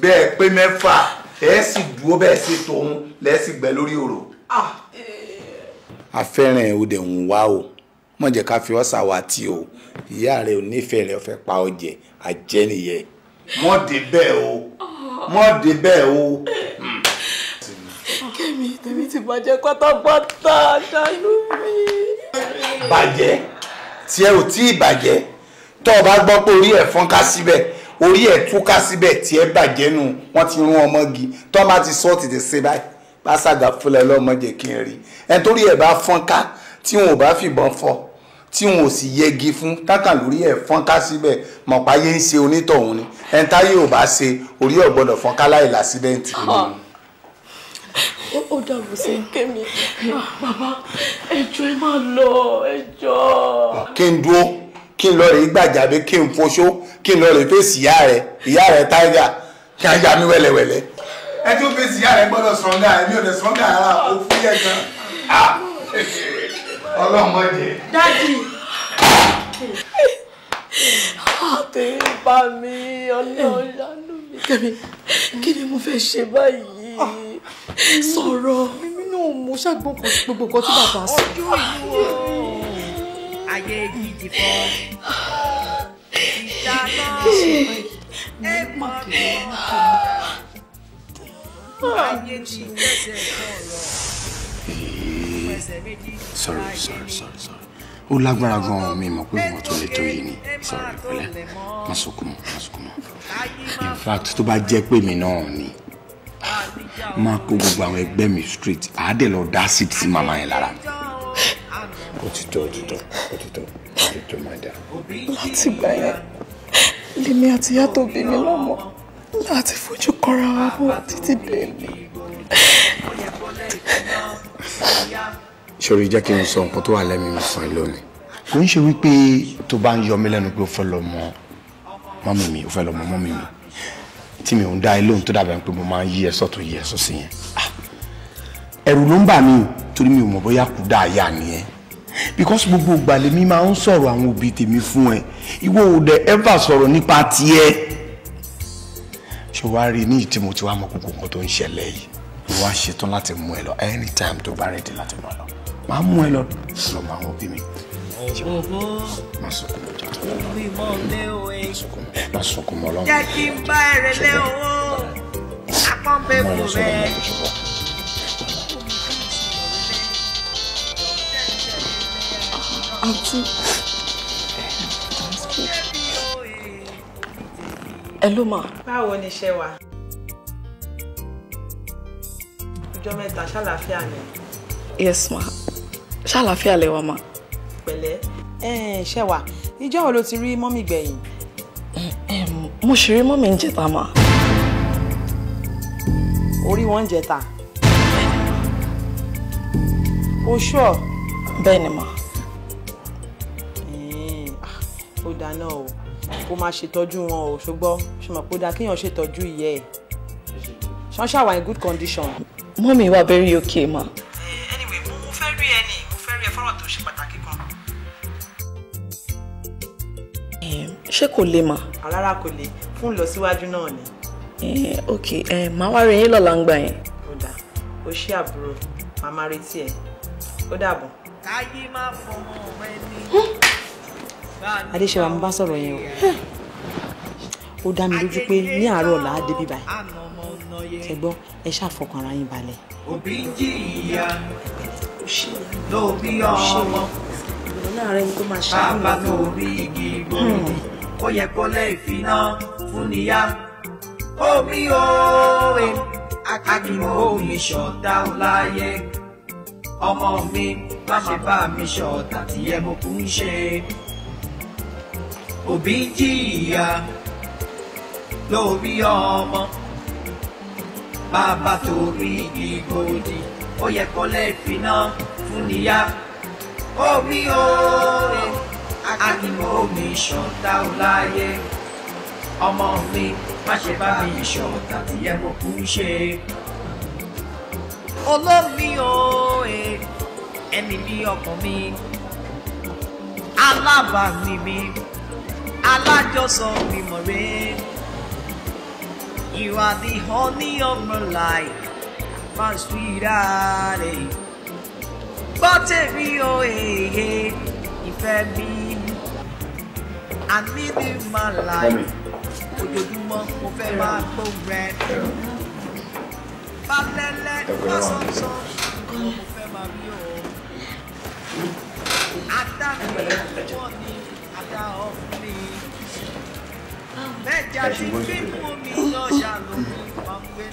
bẹ́ẹ̀ pé mẹ́fà ẹ sì dúró bẹ́ẹ̀ sí tòun lẹ́sì gbẹ lórí òrò. afẹ́ràn ẹ̀ ò dẹ̀ ń wá o mọ̀ jẹ́ ká fi ọ́ ṣàwátì o ìyá rẹ̀ ò nífẹ̀ẹ́ rẹ̀ fẹ́ pa ọ jẹ àjẹ́ nìyẹn. mọ̀ dé bẹ́ẹ̀ o mọ̀ dé bẹ́ẹ̀ o. kẹ́mi tèmi ti bàjẹ́ pátápátá ṣàánú mi. bàjẹ́ tí ẹ ò tí ì bàjẹ́ tó o bá gbọ́ pé orí ẹ̀ fọ́nká síbẹ̀ orí ẹ̀ túká síbẹ̀ tí ẹ bàjẹ́ nù wọ́n ti rún ọmọgi tó má ti sọ tètè ṣe báyìí bá ṣàgà fúnlẹ̀ lọ́mọ jẹ́ kí n rí ẹni torí ẹ̀ bá fọ́nká tí wọn ò bá fìbọn fọ́ tí wọn ò sì yẹgi fún tákà lórí ẹ̀ fọ́nká síbẹ̀ mọ̀pá yé ń ṣe onítọ̀hún ni ẹni táyé ò bá ṣe orí ẹ̀ gbọ́dọ̀ fọ́nká láì lásídẹ́ǹtì ah. ó dàbò sí kémi ah, bàbá ẹjọ́ ẹ máa lọ ẹjọ́. kí n dúró kí n lọ rè gbàjà bí kí n foṣó kí n lọ rè fèsì ìyá rẹ ìyá rẹ tiger kí n yà mí wẹ́lẹ́wẹ́lẹ́. ẹ tún fèsì ìyá rẹ gbọ́dọ̀ sọǹgà ẹ mi ò lè sọǹgà ara o fún yẹ gan. Ah! ọlọ́mọ jẹ. dájú. àtẹ̀yìn bá mi ọlọ́ọ̀lánú mi kẹ́mi kí ni mo fẹ́ ṣe báyìí sọ̀rọ̀. èmi náà mo ṣàgbọ́n gbogbo nǹkan tí bàbá sọ. ọjọ́ ìwọ ayé gidi fọ́. ìdáná ẹ mọ̀ ní ọ̀tọ̀. ayé ti pẹ̀sẹ̀ sọ̀rọ̀. Sorry, sorry, sorry, sorry. Ó lágbára gan-an mi mọ̀ pé wọ́n tó lè tó yìí ni. Sorry, pẹ̀lẹ́. Má sunkún mọ́, má sunkún mọ́. In fact, tó bá jẹ́ pé mi náà ni máa kó gbogbo àwọn ẹgbẹ́ mi straight àádẹ́ lọ dá seed sí màmá yẹn lára mi òtítọ́ òtítọ́ òtítọ́ òtítọ́ máa dà. láti gbà yẹn lèmi àti ìyá tó bí mi lọ́mọ láti fojú kọra wa bọ̀ títí bẹ́ẹ̀ni. ṣòro jẹ́ kí n sọ nǹkan tó wà lẹ́mìí mi fún ẹ lónìí. kò ń ṣe wípé tó bá ń yọ mí lẹ́nu pé ó fẹ́ lọ mọ mọ́mì mi ó fẹ́ lọ mọ mọ́mì mi tí mi ò ń dá ẹ lóhùn tó dàbẹ̀ pé mo máa ń yí ẹ sọ́tún yí ẹ sọ́sì yẹn ẹ̀rù ló ń bà mí torí mi ò mọ̀ bóyá kú dáàyà nìyẹn because gbogbo ìgbàlè mi máa ń sọ̀rọ̀ àwọn òbí tèmi fún ẹ ìwọ ò dẹ̀ ever sọ̀rọ̀ nípa tiẹ̀ ṣé wàá rí ní ìtí mo ti wá mọ gbogbo nǹkan tó ń ṣẹlẹ̀ yìí mo wá ṣetán láti mú ẹ lọ anytime tó bá rẹ̀dí láti mú ẹ lọ máa mú ẹ lọ lọ́mọ àwọn òbí mi má sunkún mọ́ jàdó eh. má sunkún mọ́ ọlọ́run jẹ́ kí n bá ẹ̀rẹ̀ lé owó àpọ́nbẹ́bù rẹ̀. àǹtí àǹtí ẹ ló mà. báwo ni ṣe wà ọjọ́ mẹ́ta yes ma ṣàlàáfíà lẹ wà ma. pẹ̀lẹ́ ṣe wà ìjọ́ wo ló ti rí mọ́mì gbẹ̀yìn. Ehm, mo ṣì rí mọ́mì ń jẹta ma. orí wọn ń jẹta. o ṣọ. bẹ́ẹ̀ ni ma. dáná o kó máa ṣètọ́jú wọn o ṣùgbọ́n ṣùgbọ́n kó dáa kéèyàn ṣètọ́jú ìyẹ́ ẹ̀ ṣánṣá wà in good condition. mọ́mí wa very okay ma. Eh, anyway mo fẹ́ rí ẹ ní mo fẹ́ rí ẹ fọ́rọ̀ tó ṣe pàtàkì kan. Eh, ṣé kò le ma. rárá kò le fún ìlọsíwájú náà ni. Eh, ok màá wá rí yín lọ́la ń gbà yẹn. ó dáa ó ṣí àbúrò màmá retí ẹ ó dàbọ̀. káyé má fọmọ ọmọ ẹni adéṣèwà mo bá sọ̀rọ̀ yẹn o ó dá mi lójú pé ní àárọ̀ ọ̀la á débi báyìí ṣe gbọ́ ẹ ṣàfọkàn ara yín balẹ̀. òbí jìyà lóbi ọmọ bàbá tó rí igi gbòòrò hmm. ó yẹ kọ́lẹ́ ìfiná fún níyà omi òwe akíkó omi ṣọ̀tá láyé ọmọ mi má ṣe bá mi ṣọ̀tá tí ẹ mọ̀ kún ṣe òbí jìyà lórí ọmọ bàbá torí ìgbòdì ó yẹ kó lè finá fún níyà omi oore àdìmọ́ omi ṣọ̀tá ò láyé mi má ṣe bá mi ṣọ̀tá tí ẹ mọ̀ kú ṣe. olómi oore ẹ̀mí mi ọkàn mi alábàámi mi. mi alájọsọ ìmọ̀ rẹ̀. You are the honey of my life, my sweetheart. Gbọ́ tèmi o èyí ìfẹ́ mi. I live in my life. Ojoojúmọ́ mo fẹ́ máa gbó rẹ̀. Balẹ̀lẹ̀ lásánṣán mo fẹ́ máa rí o. Adá mi wọ́n ni adá ọ̀fun mi ẹ̀sìn bó ṣe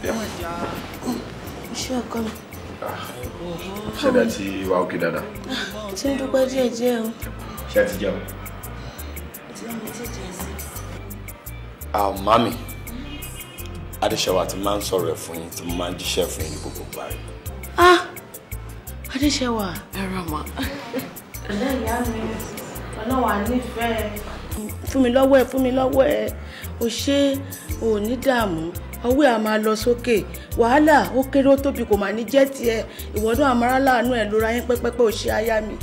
bẹ̀rẹ̀. iṣẹ́ ọkọ mi. ṣẹ́dá ti wà òkè dáadáa. ti ń dúpẹ́ díẹ̀ díẹ̀ o. ṣé ẹ ti jẹun. àwọn mami adéṣẹ́wà ti máa ń sọ̀rọ̀ ẹ̀ fún yín tí mo máa ń jíṣẹ́ fún yín gbogbo parí. ah adéṣẹ́wà. ẹ rà mọ́. ẹ̀dá ìyá mi ọlọ́wà nífẹ̀ẹ́ fún mi lọ́wọ́ ẹ fún mi lọ́wọ́ ẹ o ṣe o ní dààmú ọwọ́ ẹ̀ lọ sókè wàhálà ó kéré ó tóbi kò mà ní jẹ́ tiẹ̀ ìwọ náà láàánú ẹ̀ lóra yín pẹ́pẹ́pẹ́ o ṣe aya mi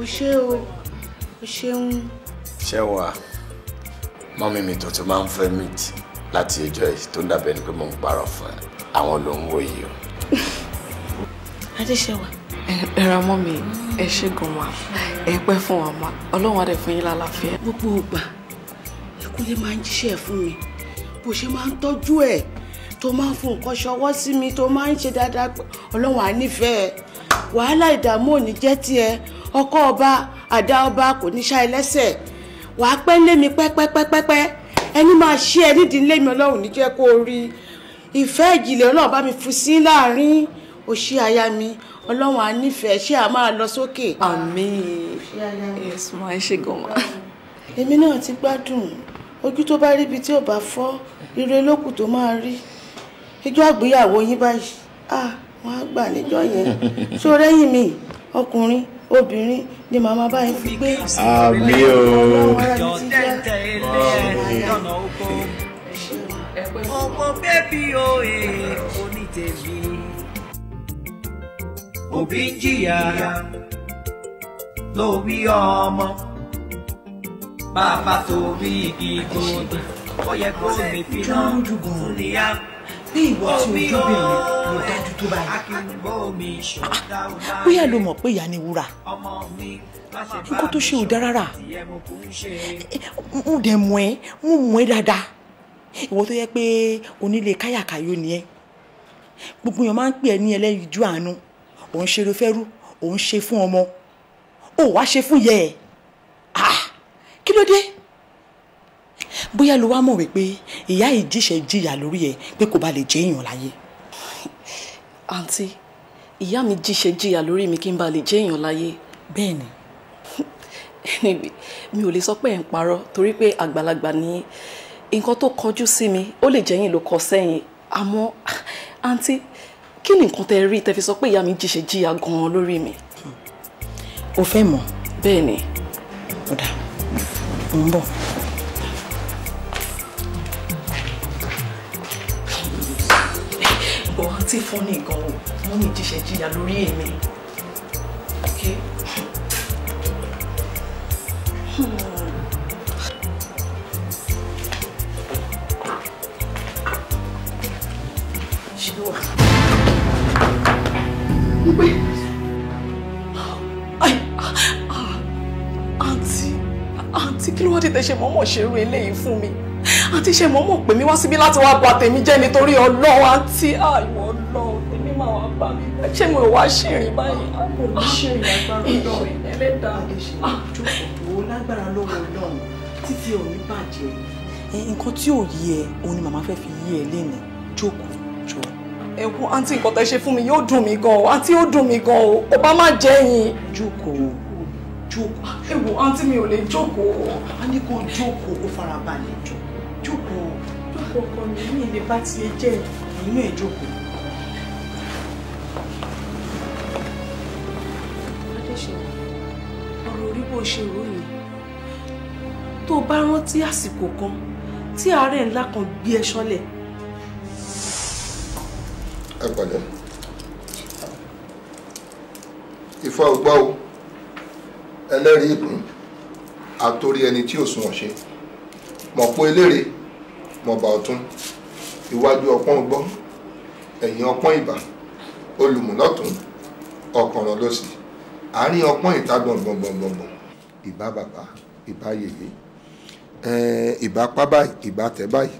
o ṣe o o ṣeun. ṣé mọ́mí mi tó tún máa ń fẹ́ meat láti ẹjọ́ yìí tó ń dàbẹ̀ ni pé mo ń parọ́ fún ẹ àwọn ló ń wòye o. adéṣẹ́wà ẹ ra mọ́ mi ẹ ṣe gan wa ẹ pẹ́ fún wa ma ọlọ́run á dẹ̀ fún yín lálàáfíà. gbogbo ìgbà ìkúlé máa ń jíṣẹ́ fún mi bó ṣe máa ń tọ́jú ẹ̀ tó máa ń fún nǹkan ṣọwọ́ sí mi tó máa ń ṣe dáadáa pé ọlọ́run á nífẹ̀ẹ́ wàhálà ìdààmú ò ní jẹ́ tiẹ̀ ọkọ ọba àdá ọba kò ní ṣá ẹlẹ́sẹ̀ wàá pẹ́ lé mi pẹ́pẹ́pẹ́pẹ́ ẹni máa ṣe ẹ nídìí lé mi ọlọ́run ní kó rí ìfẹ́ ìjìnlẹ̀ ọlọ́run bá mi fún sí láàrin o ṣí aya mi ọlọ́run á nífẹ̀ẹ́ ṣé a máa lọ sókè. àmín yéésù máa ń ṣe gan ma. èmi náà ti gbádùn ojú tó bá ríbi tí ò bá fọ́ ire lókù tó máa rí ìjọ àgbéyàwó yín báyìí ah wọn á gbà níjọ yẹn ṣó rẹ́yìn mi ọkùnrin obìnrin ni màmá báyìí fi gbé. àmín o. ọ̀pọ̀ bébí o èè oní tèmi òbí jìyà ló bí ọmọ bàbá tó bí igi gbòdì ó yẹ kó lè fi náà níyà ní ìwọ tí ojú bèrè ló dájú tó báyìí. bóyá ló mọ̀ pé ìyá ni wúrà nǹkan tó ṣe ò dára rà eh, mo dẹ̀ mọ̀ ẹ́ mo mọ̀ ẹ́ dáadáa ìwọ tó yẹ pé onílé káyàkáyò ni ẹ gbogbo èèyàn máa ń pè ẹ́ ní ẹlẹ́yinjú àánú ò ń ṣeré fẹ́rú ò ń ṣe fún ọmọ ò wá ṣe fún yẹ ẹ̀ ah kí ló dé bóyá ló wá mọ̀ wípé ìyá ìjíṣẹ́ jìyà lórí ẹ̀ pé kò bá lè jẹ́ èèyàn láyé. àǹtí ìyá mi jíṣẹ́ jìyà lórí mi kí n bá lè jẹ́ èèyàn láyé. bẹ́ẹ̀ ni. mi ò lè sọ pé ẹ̀ ń parọ́ torí pé àgbàlagbà ni nǹkan tó kọjú sí mi ó lè jẹ́yìn ló kọ sẹ́yìn àmọ́ àǹtí kí ni nǹkan tẹ rí tẹ fi sọ pé ìyá mi jíṣe jíya gan lórí mi. o fẹ́ mọ̀. bẹ́ẹ̀ ni. ọ̀dà mo ń bọ̀. ọ̀hún tí fọ́nì gan-an o wọ́n ní jíṣe jíya lórí èmi. Sure. Hmm pé àǹtí àǹtí kí ló wá dìde ṣe mọ́mọ́ ṣe irú eléyìí fún mi àǹtí ṣe mọ́mọ́ pè mí wá síbí láti wá bà tèmi jẹ́ nítorí ọlọ́run àǹtí àìwọ̀ ọlọ́run tèmi máa wá bá mi ṣé mo wá ṣèrìn báyìí. Ah, ah, àpò mi ṣèrìn agbára ọlọ́run ẹlẹ́dàá lè ṣe ìjókòó lágbára lọ́wọ́ ọlọ́run títí òní bàjẹ́. Eh, nǹkan tí ò yí ẹ òun ni màmá fẹ́ fi yí ẹ lẹ́nu jókòó ẹ wo àǹtí nǹkan tẹ́ ṣe fún mi yóò dùn mí gan o àǹtí yóò dùn mí gan o ó bá má jẹ́ yín. jókòó jókòó ẹ wo àǹtí mi ò lè jókòó. a ní kó jókòó kó fara balẹ̀ jókòó. jókòó ọkọ mi mi lè bá tiẹ̀ jẹ́ inú ẹ̀ jókòó. adéṣèwọ̀ ọ̀rọ̀ orí bó ṣe rò yìí tó o bá rántí àsìkò kan tí àárẹ̀ ńlá kan gbé ẹ ṣọlẹ̀ ẹ pẹ̀lẹ́ ìfọ ògbọ́ o ẹlẹ́rìí ìdùn àtòrí ẹni tí òsùn ọ̀ṣẹ́ mọ̀ pé eléré mọ̀bà ọ̀tún ìwájú ọpọ́n gbọ́ ẹ̀yìn ọpọ́n ìbà olùmúlọ́tún ọkànràn lọ́sì àárín ọpọ́n ìta gbọ̀ngbọ̀ngbọ̀ngbọ̀n ìbá bàbá ìbá yèyé ìbá pábáyì ìbá tẹ́báyì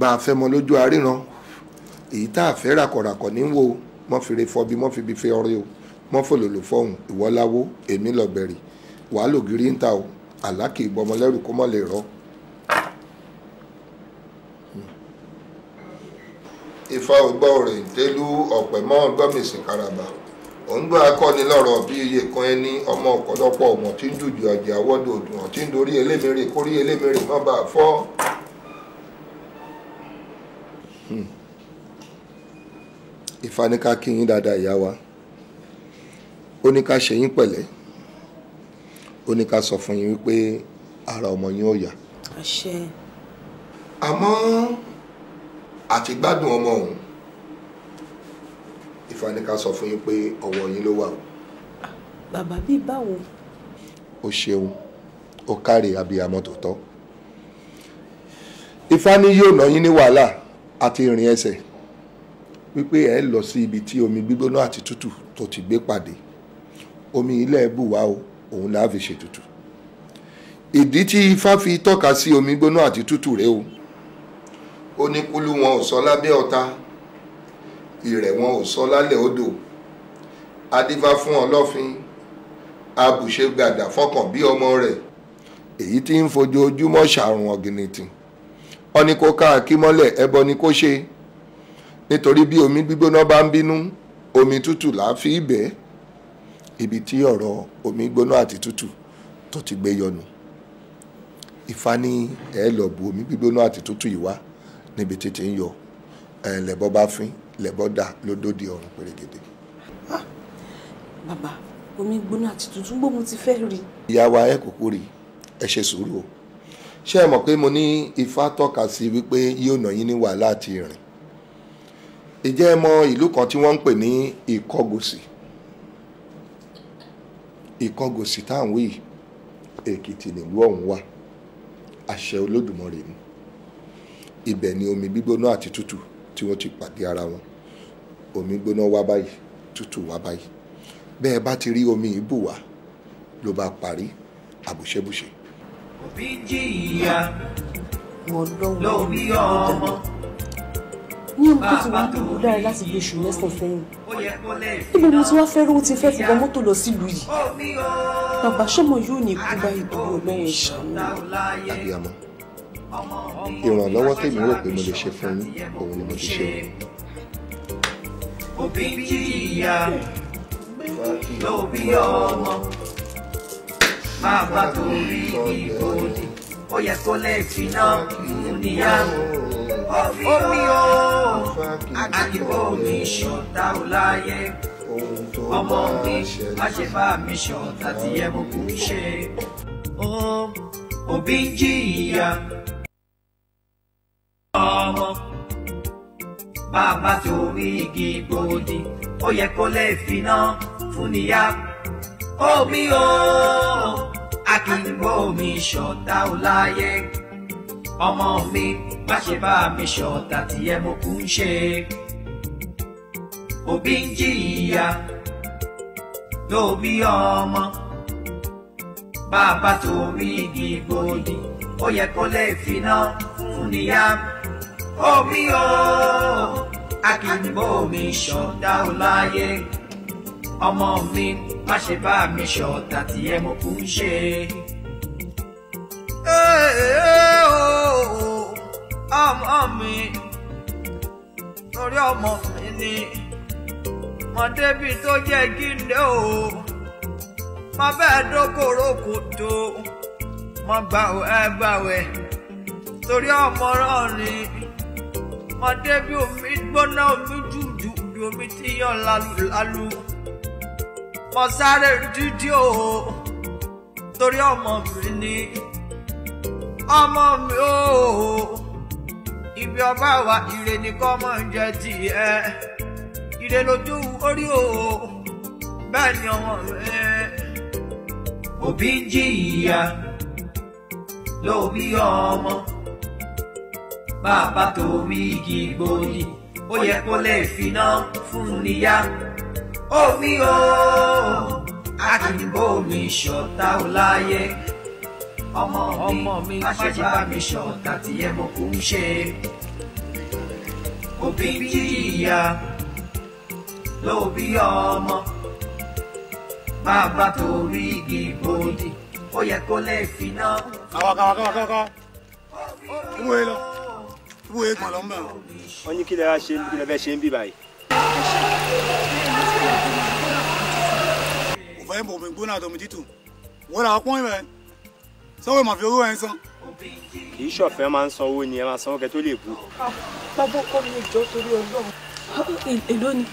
bá a fẹ́ mọ lójú aríran èyí tá a fẹ́ rakọ̀rakọ̀ ní wo mọ́ fèrè fọbi mọ́ fibi fẹ́ ọrẹ́ o mọ́ fòlòlò fọ́hùn ìwọ́láwó èmi lọ́bẹ̀rì wàá lò gírí ń ta o àlákì ìbọmọlẹ́rù kó mọ́ lè rọ́. ifá ọgbọ́ rẹ̀ tẹ́lú ọ̀pẹ̀ mọ́ gọ́mìsì karaba òǹgbà akọ́nilọ́rọ̀ bí iye kan ẹni ọmọ ọ̀pọ̀lọpọ̀ ọmọ tí ń dùjú ọjà wọ́dọ̀ òdùn ọ̀tí ń dorí elémèrè kórí elémèrè má bàa fọ́. Hmm. Ifá ní ká kí yín dáadáa ìyá wa ó ní ká ṣe yín pẹ̀lẹ́ ó ní ká sọ fún yín wípé ara ọmọ yín ó yá. àmọ́ àti ọmọ òun Ifá sọ fún yín pé ọwọ́ yín ló wà o. bàbá bíi báwo. o ṣeun o káre abiyamọ tòótọ́ Ifá yóò ná yín ní wàhálà àti ìrìn ẹsẹ̀ wípé ẹ lọ sí ibi tí omi gbígbóná àti tútù tó ti gbé pàdé omi ilẹ̀ bùwá o òun là á fi ṣètùtù ìdí tí ifá fi tọ́ka sí omi gbóná àti tútù rèé o ó ní kúlú wọn ò sọ lábẹ́ ọ̀tá ìrẹ̀ wọn ò sọ lálẹ́ odò adífá fún ọlọ́fin abùṣe gbàdà fọkàn bí ọmọ rẹ̀ èyí tí ń fojoojúmọ́ ṣàrùn ọ̀gìnìtì ó ní kó káàkiri mọ́lẹ̀ ẹbọ ni kó ṣe. E nítorí bí omi gbígbóná bá ń bínú omi tútù la á fi ibẹ̀ ibi tí ọ̀rọ̀ omi gbóná àti tútù tó ti gbé yọnu Ifá ní ẹ lọ bu omi gbígbóná àti tútù yìí wá níbi títí ń yọ ẹ lẹ́bọ́ bá fín lẹ́bọ́ dà lódòdì ọ̀run pèrègèdè. Ah, bàbá omi gbóná àti tútù gbóhun ti fẹ́ rí. ìyá wa ẹ kúkú rí ẹ ṣe sùúrù o ṣé ẹ mọ̀ pé mo ní Ifá tọ́ka sí wípé yóò nà yín ní wàhálà àti ìrìn ìjẹ́ ẹ mọ ìlú kan tí wọ́n ń pè ní ìkọgòsì ìkọgòsì táwọn wí èkìtì nílùú ọ̀hún wà àṣẹ olódùmarè ni ibẹ̀ ni omi gbígbóná àti tútù tí wọ́n ti pàdé ara wọn omi gbóná wá báyìí tútù wá báyìí bẹ́ẹ̀ bá ti rí omi ìbù wá ló bá parí àbùṣẹ́bùṣe. òbí jìyà lómi ọmọ ní ọmọ tó ti wá bí ìlú dára láti bí oṣù mẹ́sàn-án sẹ́yìn níbo mo ti wá fẹ́ rówó ti fẹ́ fi mọ́tò lọ sílùú yìí bàbá sọmọ yóò ní ikú bá ìdúró mẹ́rin ṣàánú. abiyamọ ìrànlọ́wọ́ tèmi rò pé mo lè ṣe fún yín òun ni mo ti ṣe. òbí jìyà lóbi ọmọ máa bá torí ìbòdì ó yẹ kó lè fi omi o àkìbò mi ṣọ̀tá ò láyé ọmọ mi má ṣe bá mi ṣọ̀tá tí ẹ mú kú ṣe òbí jìyà ọmọ bàbá torí igi gbòdì ó yẹ kó lè finá fún níyà omi o àkìbò mi ṣọ̀tá ò ọmọ mi má ṣe bá mi ṣọ̀tá tí ẹ mo kú ń ṣe. òbí ń jìyà ló bí ọmọ bàbá tó rí igi gbòdì o akínbó mi ṣọ̀tá ò láyé ọmọ mi má ṣe bá mi ṣọ̀tá tí ẹ mo kú ń ṣe. Hey, hey, oh, oh. oh ọmọ mi torí ọmọ mi ni mo débi tó yẹ kí n dé o mo bẹ́ẹ̀ dókòrò kòtò mo gbàwẹ̀ ẹ gbàwẹ̀ torí ọmọ náà ni mo débi omi gbóná omi jùjù omi tí yàn lálùlálù mo sáré dídí o torí ọmọ mi ni ọmọ mi o ibi ọba wa ire nìkan máa ń jẹ tiẹ ire lójú orí o bẹ́ẹ̀ ni ọmọ rẹ. òbí ń jìyà lóbi ọmọ bàbá tòmí igi gbòdì ó yẹ kó lè finá fún níyà omi o a kì í bómi ṣọ̀tá ọláyé ọmọ mi máṣe bá mi sọ láti yẹ mo kò ń ṣe òbí jìyà lóbi ọmọ máa bá torí igi bòdì ó yẹ kó lè fi ná. àwọn kan kan kan kan wúwo e lọ wúwo kan e lọ mọ. wọ́n ní kí lè ṣe kí lè ṣe ń bí báyìí. mo fẹ́ mọ̀ mi gbóná àtọ̀mí títù wọ́n ra ọpọ́n ìwẹ̀ sanwó ìmọ̀ fi owó ẹ̀ ń san. kì í ṣọ̀fẹ́ máa ń san owó ni ẹ máa sanwó kẹ tó lè bu. bàbá ọkọ mi ìjọ torí ọlọ́run. èló ni.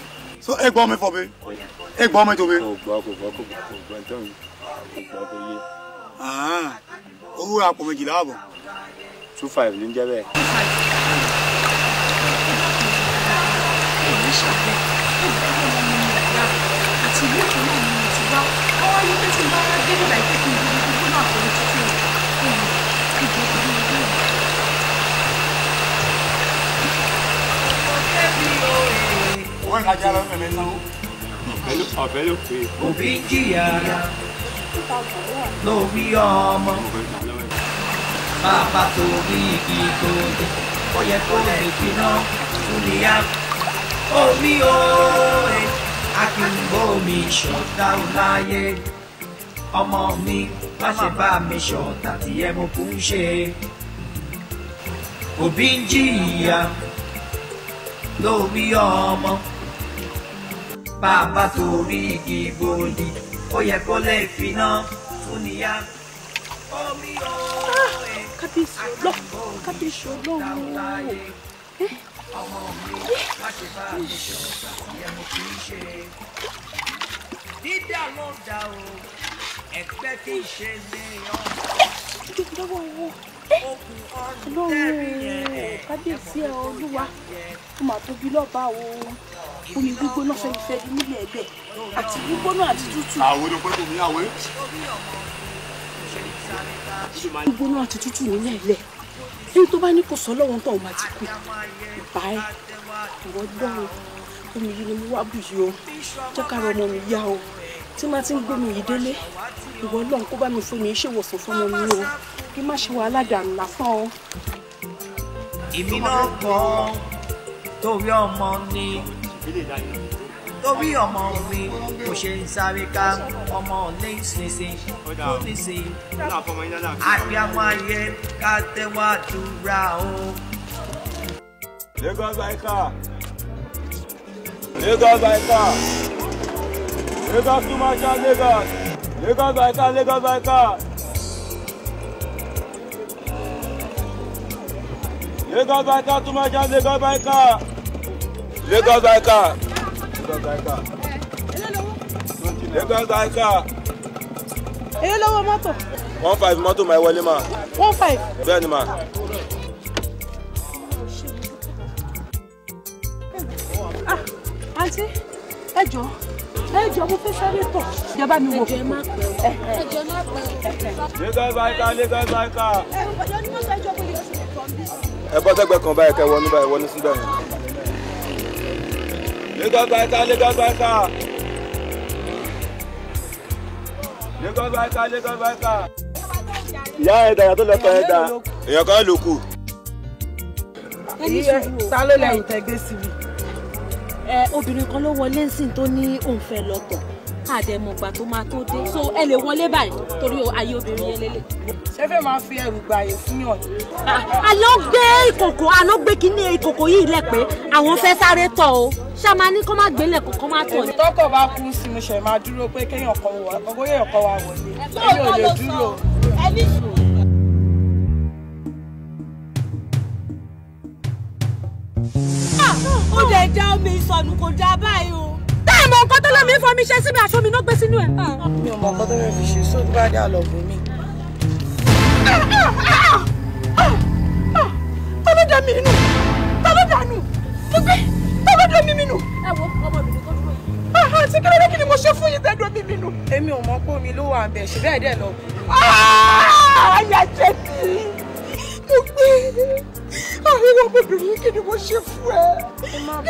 so ẹ gbọ́ mi fọ pé ẹ gbọ́ mi tó pé. kò gbọ́ kò gbọ́ kò gbọ́ kò gbọ́ tó ń gbọ́ kò yé. Ah, owó àpò méjìlá àbọ̀. two five ló ń jẹ́ bẹ́ẹ̀. àti ìlú ìpínlẹ̀ mi ti wá ọwọ́ yìí ti bá dé nígbà yìí. wọ́n ìrajà lọ fẹ̀mẹ̀ náà. ọ̀fẹ́ ló pe. òbí jìyà ló bí ọmọ bàbá tó bí igi tó dé ó yẹ kó lè jiná fúnìyà omi òòrè akíngbómi ṣọ̀tá ọláyé ọmọ mi má ṣe bá mi ṣọ̀tá tí ẹ mo kún ṣe òbí ń jìyà lórí ọmọ bàbá torí igi bòlì ó yẹ kó lè finá fún níyà omi òwe ah, kábíyèsí ọlọ kábíyèsí ọlọ́run eh, ọmọ mi eh, má bá mi ṣe eh. ọgbà mo kì í ṣe dídá ló dá o ẹgbẹ́ kì í ṣe léèyàn. lọ́wọ́ owó kábíyèsí ẹ̀ olúwa ó mà tóbi lọ́ba o omi gbígbóná fẹ́ fẹ́ nílẹ̀ ẹ̀bẹ̀ àti gbígbóná àti tútù. àwọn èdè pẹ́ẹ́tù mi àwẹ̀. gbígbóná àti tútù nílẹ̀ ẹ̀lẹ̀ ẹni tó bá ní kò sọ lọ́wọ́ tó ọ̀ma ti kú ìbá ẹ̀ ìwọ gbọ́rọ̀ omi yìí ni mo wá bù yìí o jẹ́ ká ọmọ mi yá o tí má ti ń gbé mi yìí délé ìwọ ọlọ́run kó bá mi fún mi ṣèwọ̀sán fún ọmọ mi o kí má ṣe wàhálà dànù lásán o èmi náà torí ọmọ ni torí ọmọ mi kò ṣe ń sáré ká ọmọ lè ṣinṣin fún níṣin àbí àwọn ayé ká tẹ́wọ́ àdúrà o. Lagos by car Lagos by Lagos too much on Lagos Lagos by car Lagos biker. car. Lagos by car too much on Lagos by car. Lagos by car. Lagos by car. Lagos by car. Èló lówó mọ́tò. One five moto máa wọlé ma. One five. Bẹ́ẹ̀ ni ma. Àǹtí, ẹ jọ̀ọ́, ẹ jọ̀ọ́ mo fẹ́ sáré tọ̀. Ìjọba mi wò. Ẹ̀jẹ̀ máa pẹ́ o. Ẹ̀jẹ̀ máa pẹ́ o. Lagos by car, Lagos by car. Ẹ bọ́ sẹ́gbẹ̀ẹ́ kan báyìí kẹ́ wọnú báyìí wọnú síbẹ̀ yẹn. Lagos Biker, Lagos Biker. Lagos Biker, Lagos Biker. Ìyá ẹ̀dá ìyá tó lọ tọ́ ẹ̀dá. Èèyàn kan ló kù. Ta ló lẹ́yìn tẹ́gbẹ́ síbi? Obìnrin kan ló wọlé ńsìn tó ní òun fẹ́ lọ àdẹ̀mọ̀gbà tó máa tó dé so ẹ lè wọlé báyìí torí ayé obìnrin yẹn lélẹ̀. ṣé fẹ́ máa fi ẹrù gbààyè fún yàn. àlọ́ gbé ìkòkò àlọ́ gbé kíní ìkòkò yìí lẹ̀ àwọn fẹ́ sáré tọ̀ o ṣáma ní kó má gbélé kó má tọ̀ ni. tọkọ bá kú sí mo ṣe máa dúró pé kéèyàn kọ wà kéèyàn kọ wà wọlé èyí ò lè dúró. Ah, ó lè já omi ìsọnù kò já báyìí o mọ nǹkan tó lè fọ mi ṣe síbi aṣọ mi ló gbé sínú ẹ. Ah. mi ò mọ nǹkan tó lè fi ṣe sóòtú bá dé àlọ́bù mi. tọ́lọ́dà mi nù tọ́lọ́dà nù mo gbé tọ́lọ́dà mi nù. ẹ wo ọmọ mi nìkan dúró yìí. àti kí lóde kí ni mo ṣe fún yìí tẹ́dọ̀ mi mi nù. èmi ò mọ pé omi ló wà bẹ̀ ṣe bẹ́ẹ̀ dẹ̀ lọ. àyà jẹ́ kí mo gbé àwọn ọmọbìnrin kí ni mo ṣe fún ẹ kí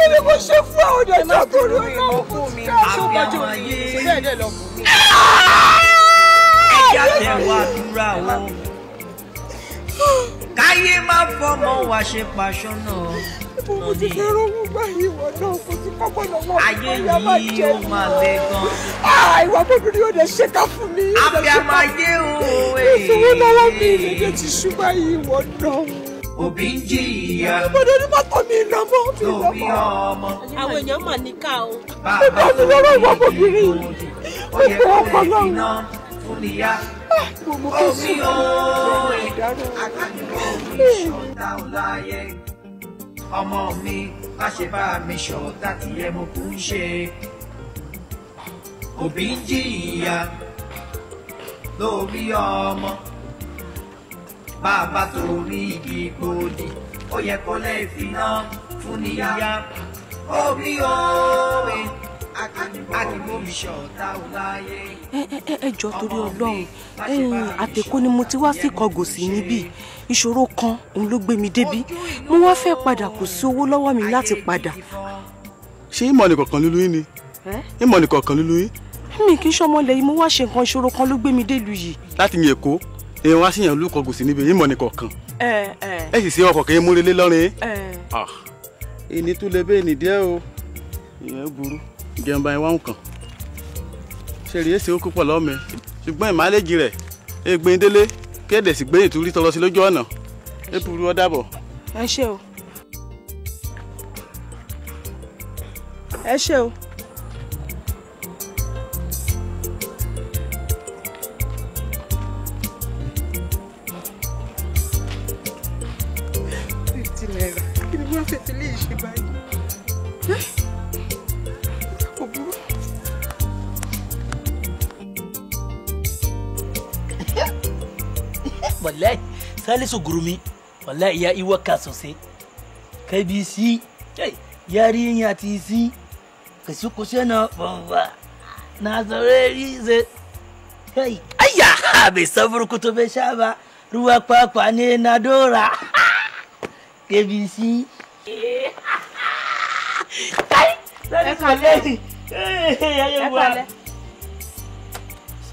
ni mo ṣe fún àwọn ọdọ ìjọ torí Ọlọ́run fún mi àbíàmọ ayé ẹjá tẹwà dúra o káyé má fọmọ wa ṣe pàṣọ náà mo ti fẹ́ rówó báyìí ìwọ náà kò sí kọ́kọ́ lọ́wọ́ ayé yìí ó máa bẹ gan. ìwà bóbiri yóò dé ṣẹ́ka fún mi. àbí àmàyé o. ìṣòro lọ́wọ́ mi ìrètí ti ṣú báyìí náà òbí ń jìyà. Bọ́dọ̀ ní mọ́tò mi ìlà mọ́. Lómi ọmọ. Àwọn èèyàn mà ní ká o. Bàbá mi ló wà wọ́pọ̀ Ó yẹ kó lè finá fún níyà. Ah, omi òòrè àtàkùn omi ṣọ̀tá ọ̀láyẹ. Ọmọ mi má ṣe bá mi ṣọ̀tá tìyẹ mo kú ṣe. Òbí ń jìyà lórí ọmọ bá a bá torí igi gbòdì ó yẹ kó lè finá fún níyà òbí òwe ẹ jọ torí Ọlọ́run àtẹkọ ni mo ti wá sí kọgò sí níbí ìṣòro kan òun ló gbé mi débí mo wá fẹ́ padà kò sí owó lọ́wọ́ mi láti padà. ṣé ìmọ̀ nìkan kan lulú yín ni ìmọ̀ nìkan lulú yín. mi kì í ṣọmọlẹ̀ yìí mo wá ṣe nǹkan ìṣòro kan ló gbé mi délùú yìí. láti yẹn kó èèyàn aṣèyàn lù kọgùn sí níbi ìmọ̀ nìkan kan ẹ sì ṣe ọkọ̀ kì í múrelé lọ́rin ẹni tó lè bẹ́ẹ̀ nìdíẹ́ o ìyẹn burú ìjẹun báyìí wá ń kàn ṣe rí èsì ó púpọ̀ lọ́mẹ ṣùgbọ́n ìmáléjì rẹ̀ egbin délé kéde sì gbẹ́yìn torí tọrọ sí lójú ọ̀nà epuru ọ̀dàbọ̀. ẹ ṣé o ẹ ṣé o. Salisu Gurmi wallahi ya yi waka sosai kai bi si kai yarinya ti si ka si kushe na bamba na zarari zai kai ayya bai sabur kuto bai sha ba ruwa kwakwa ne na dora kai bi si kai Salisu Gurmi eh,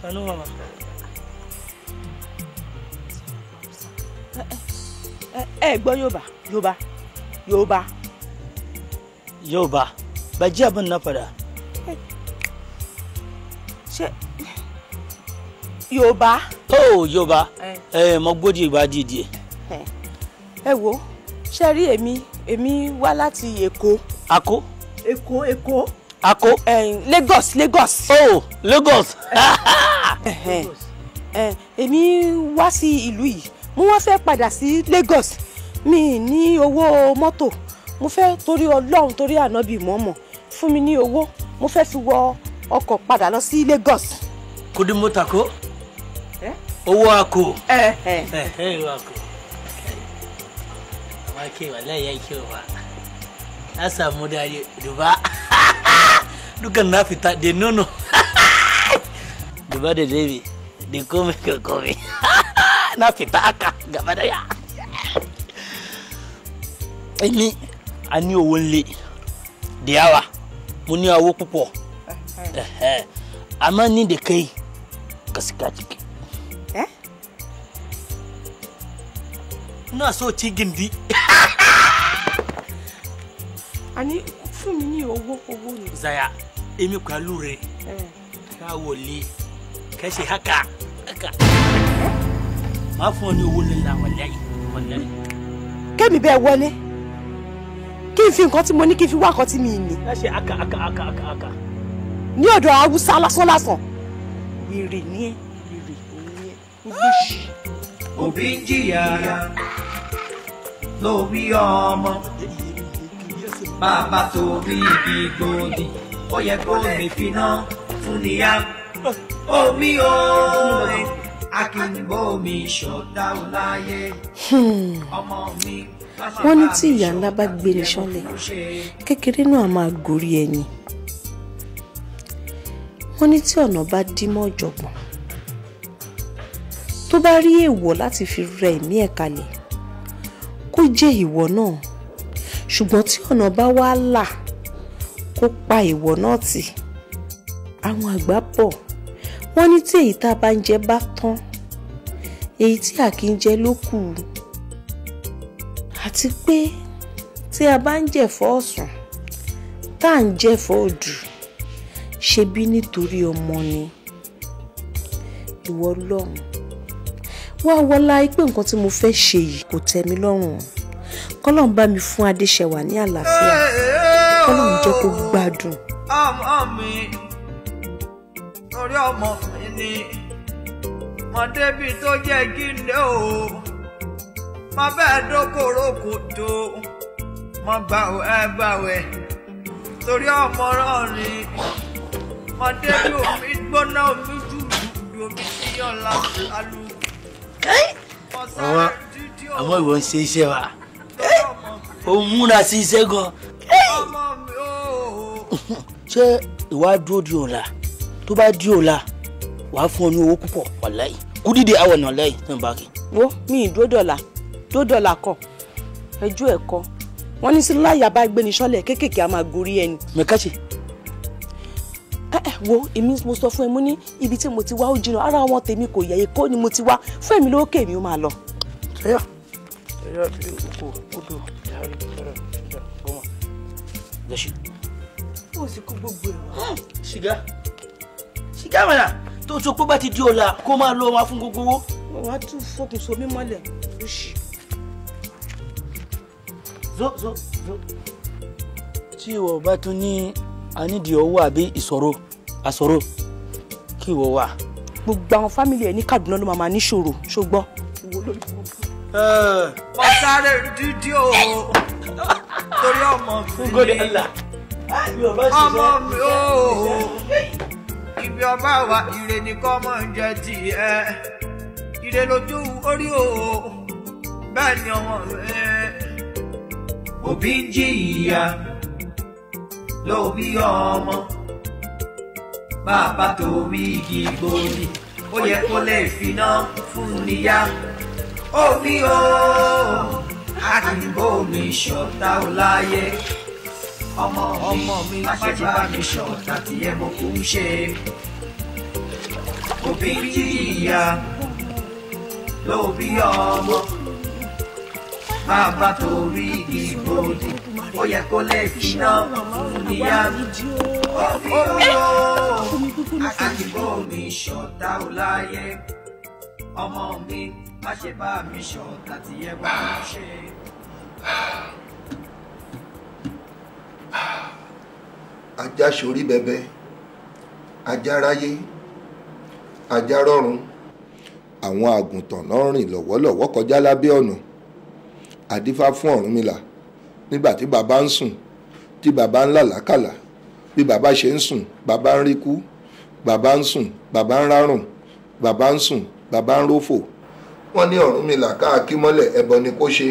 Sanu mama. ẹ gbọ́ yorùbá yorùbá yorùbá. yorùbá ba ji abin na fada. ṣe yorùbá. ó yorùbá ẹ mo gbódì ìgbà dídì ẹ. ẹ wo ṣe rí èmi èmi wá láti èkó. àkó. èkó èkó. àkó. lagos lagos. ó lagos. èmi wá sí ìlú yìí mo wá fẹ́ padà sí Lagos mi ní owó mọ́tò mo fẹ́ torí ọlọ́run torí ànábì mọ́mọ́ fún mi ní owó mo fẹ́ fi wọ ọkọ̀ padà lọ sí Lagos. kò dín mọ́tà kó owó ako ẹ ẹ ẹ ẹ ìwà kó wa ke wallahi ya ke wa na samu dare duba dukan na fita de nono duba da dabi da kome ka kome na fita haka gaba daya ni eh, eh. a ní owó ńlẹ̀ da yawa mo ní owó púpọ̀ àmọ́ ní da kai ka sika ciki eh? so ci gindi ani fún mi ní owó owó ni. zaya èmi pẹ̀lú rẹ̀ ká wọlé kẹ́ ṣe haka haka. Eh? máa fún ọ ní owó kẹ́mi bẹ́ẹ̀ wọlé kí n fi nǹkan tí mo ní kí n fi wá nǹkan tí mi ní. ẹ ṣe aka aka aka aka aka. ní ọ̀dọ̀ haúsá lásán lásán ìrì ní ẹ ìrì òun ní ẹ olóṣì. òbí ń jìyà ló bí ọmọ bàbá tó bí ibi gbòdì ó yẹ kó lè fi fún níyà omi ooo akínbómi ṣọ̀dá ọláyé hmm. ọmọ mi. wọ́n ní tí ìyá ńlá bá gbé ní sọ́lẹ̀ kékeré náà máa gorí ẹni wọ́n ní tí ọ̀nà bá dí mọ́ ọ̀jọ̀gbọ́n tó bá rí èèwọ̀ láti fi rẹ ẹ̀mí ẹ̀ kalẹ̀ kó jẹ́ ìwọ náà ṣùgbọ́n tí ọ̀nà bá wá là kó pa ìwọ náà tì àwọn àgbà pọ̀ wọ́n ní tí èyí tá a bá ń jẹ bá tán èyí tí a kì í jẹ ló kù àti pé tí a bá ń jẹ̀fọ́ ọ̀sán tá à ń jẹ̀fọ́ òdù ṣebí nítorí ọmọ ni ìwọ ọlọ́run wá wọlá pé nǹkan tí mo fẹ́ ṣe yìí kò tẹ́ lọ́rùn kọ́lọ́n bá mi fún adéṣẹ̀wà ní àlàáfíà kọ́lọ́n jẹ́ kó gbádùn torí ọmọ mi ni mo débi tó jẹ́ gíndé o mo bẹ́ẹ̀ dókòrò kò tó mo gbàwẹ̀ ẹ gbàwẹ̀ torí ọmọ náà ni débi omi gbóná omi jùlù omi yíyan lálù. àwọn ìwọ ń ṣe iṣẹ́ wa ó múra sí iṣẹ́ gan. ọmọ mi ó. ṣé ìwádìí òdi tó bá di ọ̀la wàá fún ọ ní owó púpọ̀ wàláì kú dídé àwọ̀ náà lẹ́yìn tó ń bá kí. wo mi ìdúró dọ̀là dúró dọ̀là kọ ẹjọ́ ẹ̀ kọ wọ́n ní sílá ìyá bá gbé ní sọ́lẹ̀ kéékèèké a máa gorí ẹni. mẹ́kàṣe. ẹ ẹ wo èmi mo sọ fún ẹ mo ní ibi tí mo ti wá ó jìnnà ara wọn tèmi kò yẹ èkó ni mo ti wá fún èmi lókè mi ó máa lọ. ẹyà ẹyà oko odò ìyá rẹ fẹrẹ ìjà gbọmọ. ó sì kó gbogbo ẹ wá. ṣìgá ṣìkàmọ̀nà tó sọ pé bá ti di ọ̀la kó máa lọ wá fún gbogbo owó. wọ́n wá tún fọkùn so mí mọ́lẹ̀ lóṣì. zo zo zo. tí ìwọ bá tún ní anídìí ọwọ́ àbí ìṣòro àṣòro kí ìwọ wà. gbogbo àwọn fámìlì ẹ ní Kaduna ló máa níṣòro ṣùgbọ́n. wọ́n sáré dídí o torí ọmọ mi ọmọ mi o bí ọba wa ire ni kọ́ mọ̀ ń jẹ tiẹ̀ ire lójú orí o bẹ́ẹ̀ ni ọmọ rẹ. òbí ń jìyà ló bí ọmọ bàbá tó igi gbòòdì ó yẹ kó lè finá fún níyà òbí o a kì í bómi ṣọ̀tá ọláyé ọmọ mi láṣẹ bá mi sọ láti ẹ mọ kò ń ṣe òbí tí ìyá ló bí ọmọ bàbá torí ìdìbò ni ó yẹ kó lè náà níyà mi òbí ooo àkàtìbò mi ṣọ̀tá ò láyé ọmọ mi má ṣe bá mi ṣọ̀tá tí ẹ bá mi ṣe ajá sórí bẹbẹ ajá ráyé ajá rọrùn àwọn àgùntàn náà rìn lọ́wọ́lọ́wọ́ kọjá lábẹ́ ọ̀nà àdífá fún Ọ̀rúnmìlà nígbà tí bàbá ń sùn tí bàbá ń làlákàlà bí bàbá ṣe ń sùn bàbá ń ríkú bàbá ń sùn bàbá ń rárùn bàbá ń sùn bàbá ń rófò. wọ́n ní Ọ̀rúnmìlà káàkiri mọ́lẹ̀ ẹbọ ni kó ṣe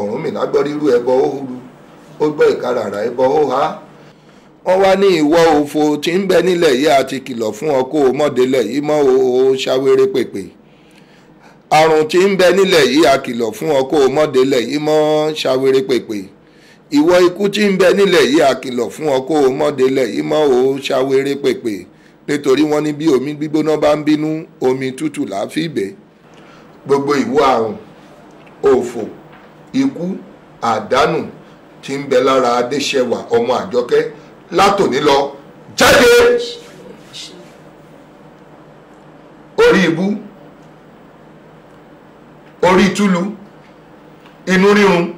Ọ̀rúnmìlà gbọ́ rírú ẹbọ ó hurú ó gbọ́ ìkarara ẹbọ hóhá wọ́n wá ní ìwọ òfo tí ń bẹ nílẹ̀ yìí àti kìlọ̀ fún ọ kó o mọ̀délẹ̀ yìí mọ́ o ṣàwérè pèpè àrùn tí ń bẹ nílẹ̀ yìí a kìlọ̀ fún ọ kó o mọ̀délẹ̀ yìí mọ́ ṣàwérè pèpè ìwọ ikú tí ń bẹ nílẹ̀ yìí a fún ọ kó o mọ̀délẹ̀ yìí mọ́ o ṣàwérè pèpè nítorí wọ́n ní bí omi gbígbóná bá ń bínú omi tútù là á gbogbo ìwọ àrùn òfò ikú àdánù tí ń bẹ lára adéṣẹwà ọmọ àjọkẹ́ látòní lọ jáde orí ibú orí túlù inú rírun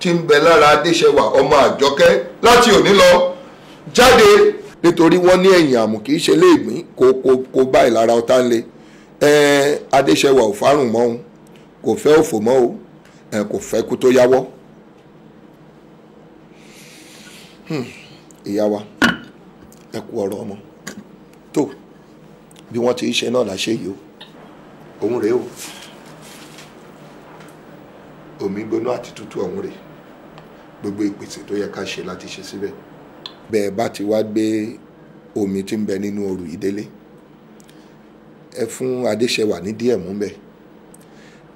tí ń bẹ lára adéṣẹwà ọmọ àjọkẹ́ láti òní lọ jáde nítorí wọ́n ní ẹ̀yìn àmù kì í ṣe léègbín kò kò kò báyìí lára ọ̀tá ń le adéṣẹwà ò fárùn mọ́ òun kò fẹ́ òfò mọ́ o kò fẹ́ kú tó yáwọ́. Hmm, ìyá wa ẹ kú ọ̀rọ̀ ọmọ tó bí wọ́n ti ṣe náà láṣẹ yìí o òun rèé o omi gbóná àti tútù ọ̀hún rèé gbogbo ìpèsè tó yẹ ká ṣe láti ṣe síbẹ̀ bẹ́ẹ̀ bá ti wá gbé omi tí ń bẹ nínú òrù ìdélé ẹ fún adéṣẹwà ní díẹ̀ mú bẹ́ẹ̀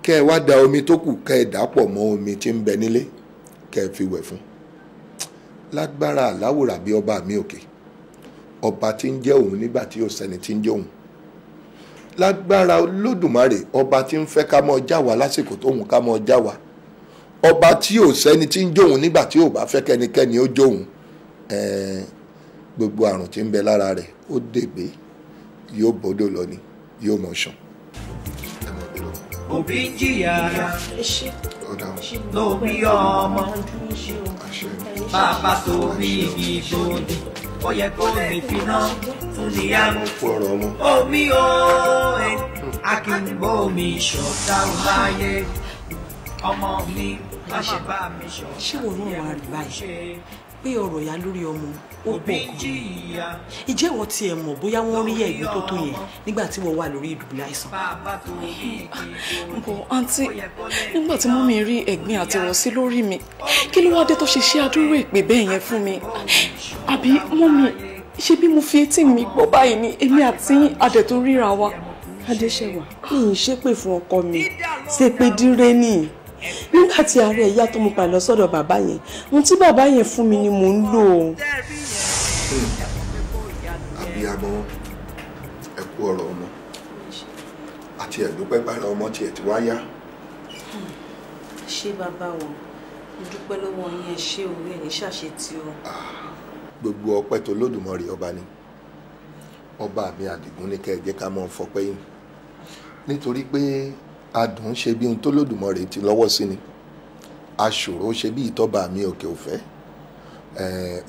kẹ́ ẹ wá da omi tó kù kẹ́ ẹ dà pọ̀ mọ́ omi tí ń bẹ nílé kẹ́ ẹ fi wẹ̀ fún un lágbára aláwòrán bí ọba mi òkè ọba tí ń jẹ́ òun nígbà tí ò sẹ́ni tí ń jẹ́ òun lágbára olódùmarè ọba tí ń fẹ́ ká mọ́ já wa lásìkò tóun ká mọ́ já wa ọba tí ò tí ń jóun nígbà tí ò bá fẹ́ kẹ́nikẹ́ni ó jóun gbogbo àrùn tí ń bẹ lára rẹ̀ ó dègbé yóò bọ́dọ̀ lọ ni yóò mọ̀ ṣàn. òbí jìyà ló bí ọmọ bàbá sórí igi gbòdì ó yẹ kó mi finá fún níyàwó omi o ẹ akínbómi ṣọ̀tá láyé ọmọ mi má bá mi ṣọ̀tá ìyàwó ṣe pé ọ̀rọ̀ ìyá lórí ọmọ ó pọ̀ gan-an ìjẹ́ ìwọ tí ẹ mọ̀ bóyá wọ́n rí ẹ̀gbẹ́ tó tó yẹn nígbà tí wọ́n wà lórí ìdùbúlẹ̀ àìsàn. bọ̀ àǹtí nígbà tí mọ́mí rí ẹ̀gbin àtẹ̀wọ̀sí lórí mi kí ló wáá dé tó ṣe ṣe àdúró ìpè bẹ́ẹ̀ yẹn fún mi àbí mọ́mí ṣe bí mo fi etí mi gbọ́ báyìí ni èmi àti adẹ̀tún ríra wa. adéṣẹ́wà kí n ṣépè fún ọkọ mi ṣépè dírẹ́ nìyí nígbà tí ààrẹ ìyá tó mú pa lọ sọ́dọ̀ bàbá yẹn ohun tí bàbá yẹn fún mi ni mò ń lò ó. àbíyamọ ẹ kú ọ̀rọ̀ ọmọ àti ẹdúpẹ́ gbára ọmọ tiẹ̀ tí wá yá. ṣé bàbá o dúpẹ́ lọ́wọ́ yín ẹ ṣé òwe ẹ̀ ní ṣàṣẹ o. Ah, gbogbo ọpẹ́ tó lódùmarè ọba ni ọba mi àdìgún ní kẹ́ ẹ jẹ́ ká mọ́ fọpẹ́ yìí nítorí pé adùn ṣe bí ohun tó lòdùmọ̀ rẹ̀ ti lọ́wọ́ sí ni aṣòro ṣe bí ìtọ́ba mi òkè òfẹ́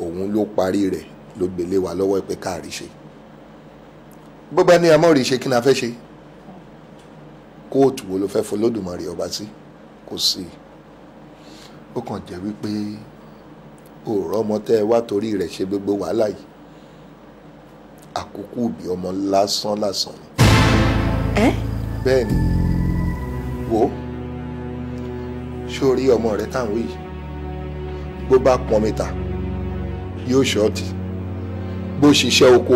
òun ló parí rẹ̀ ló gbélé wa lọ́wọ́ pé káàrí ṣe bó bá ní amọ́rí ṣe kí ni a fẹ́ ṣe kóòtù wo ló fẹ́ fọlọ́dùmarè ọba sí kò sí ó kàn jẹ́ wípé òòrọ̀ ọmọ tẹ́ ẹ wá torí rẹ̀ ṣe gbogbo wàhálà yìí àkókò òbí ọmọ lásán lásán ni bẹ́ẹ̀ ni wò ó ṣé o rí ọmọ rẹ táwọn yìí bó bá pọn mi ta yóò ṣọ́ọ̀tì bó ṣiṣẹ́ oko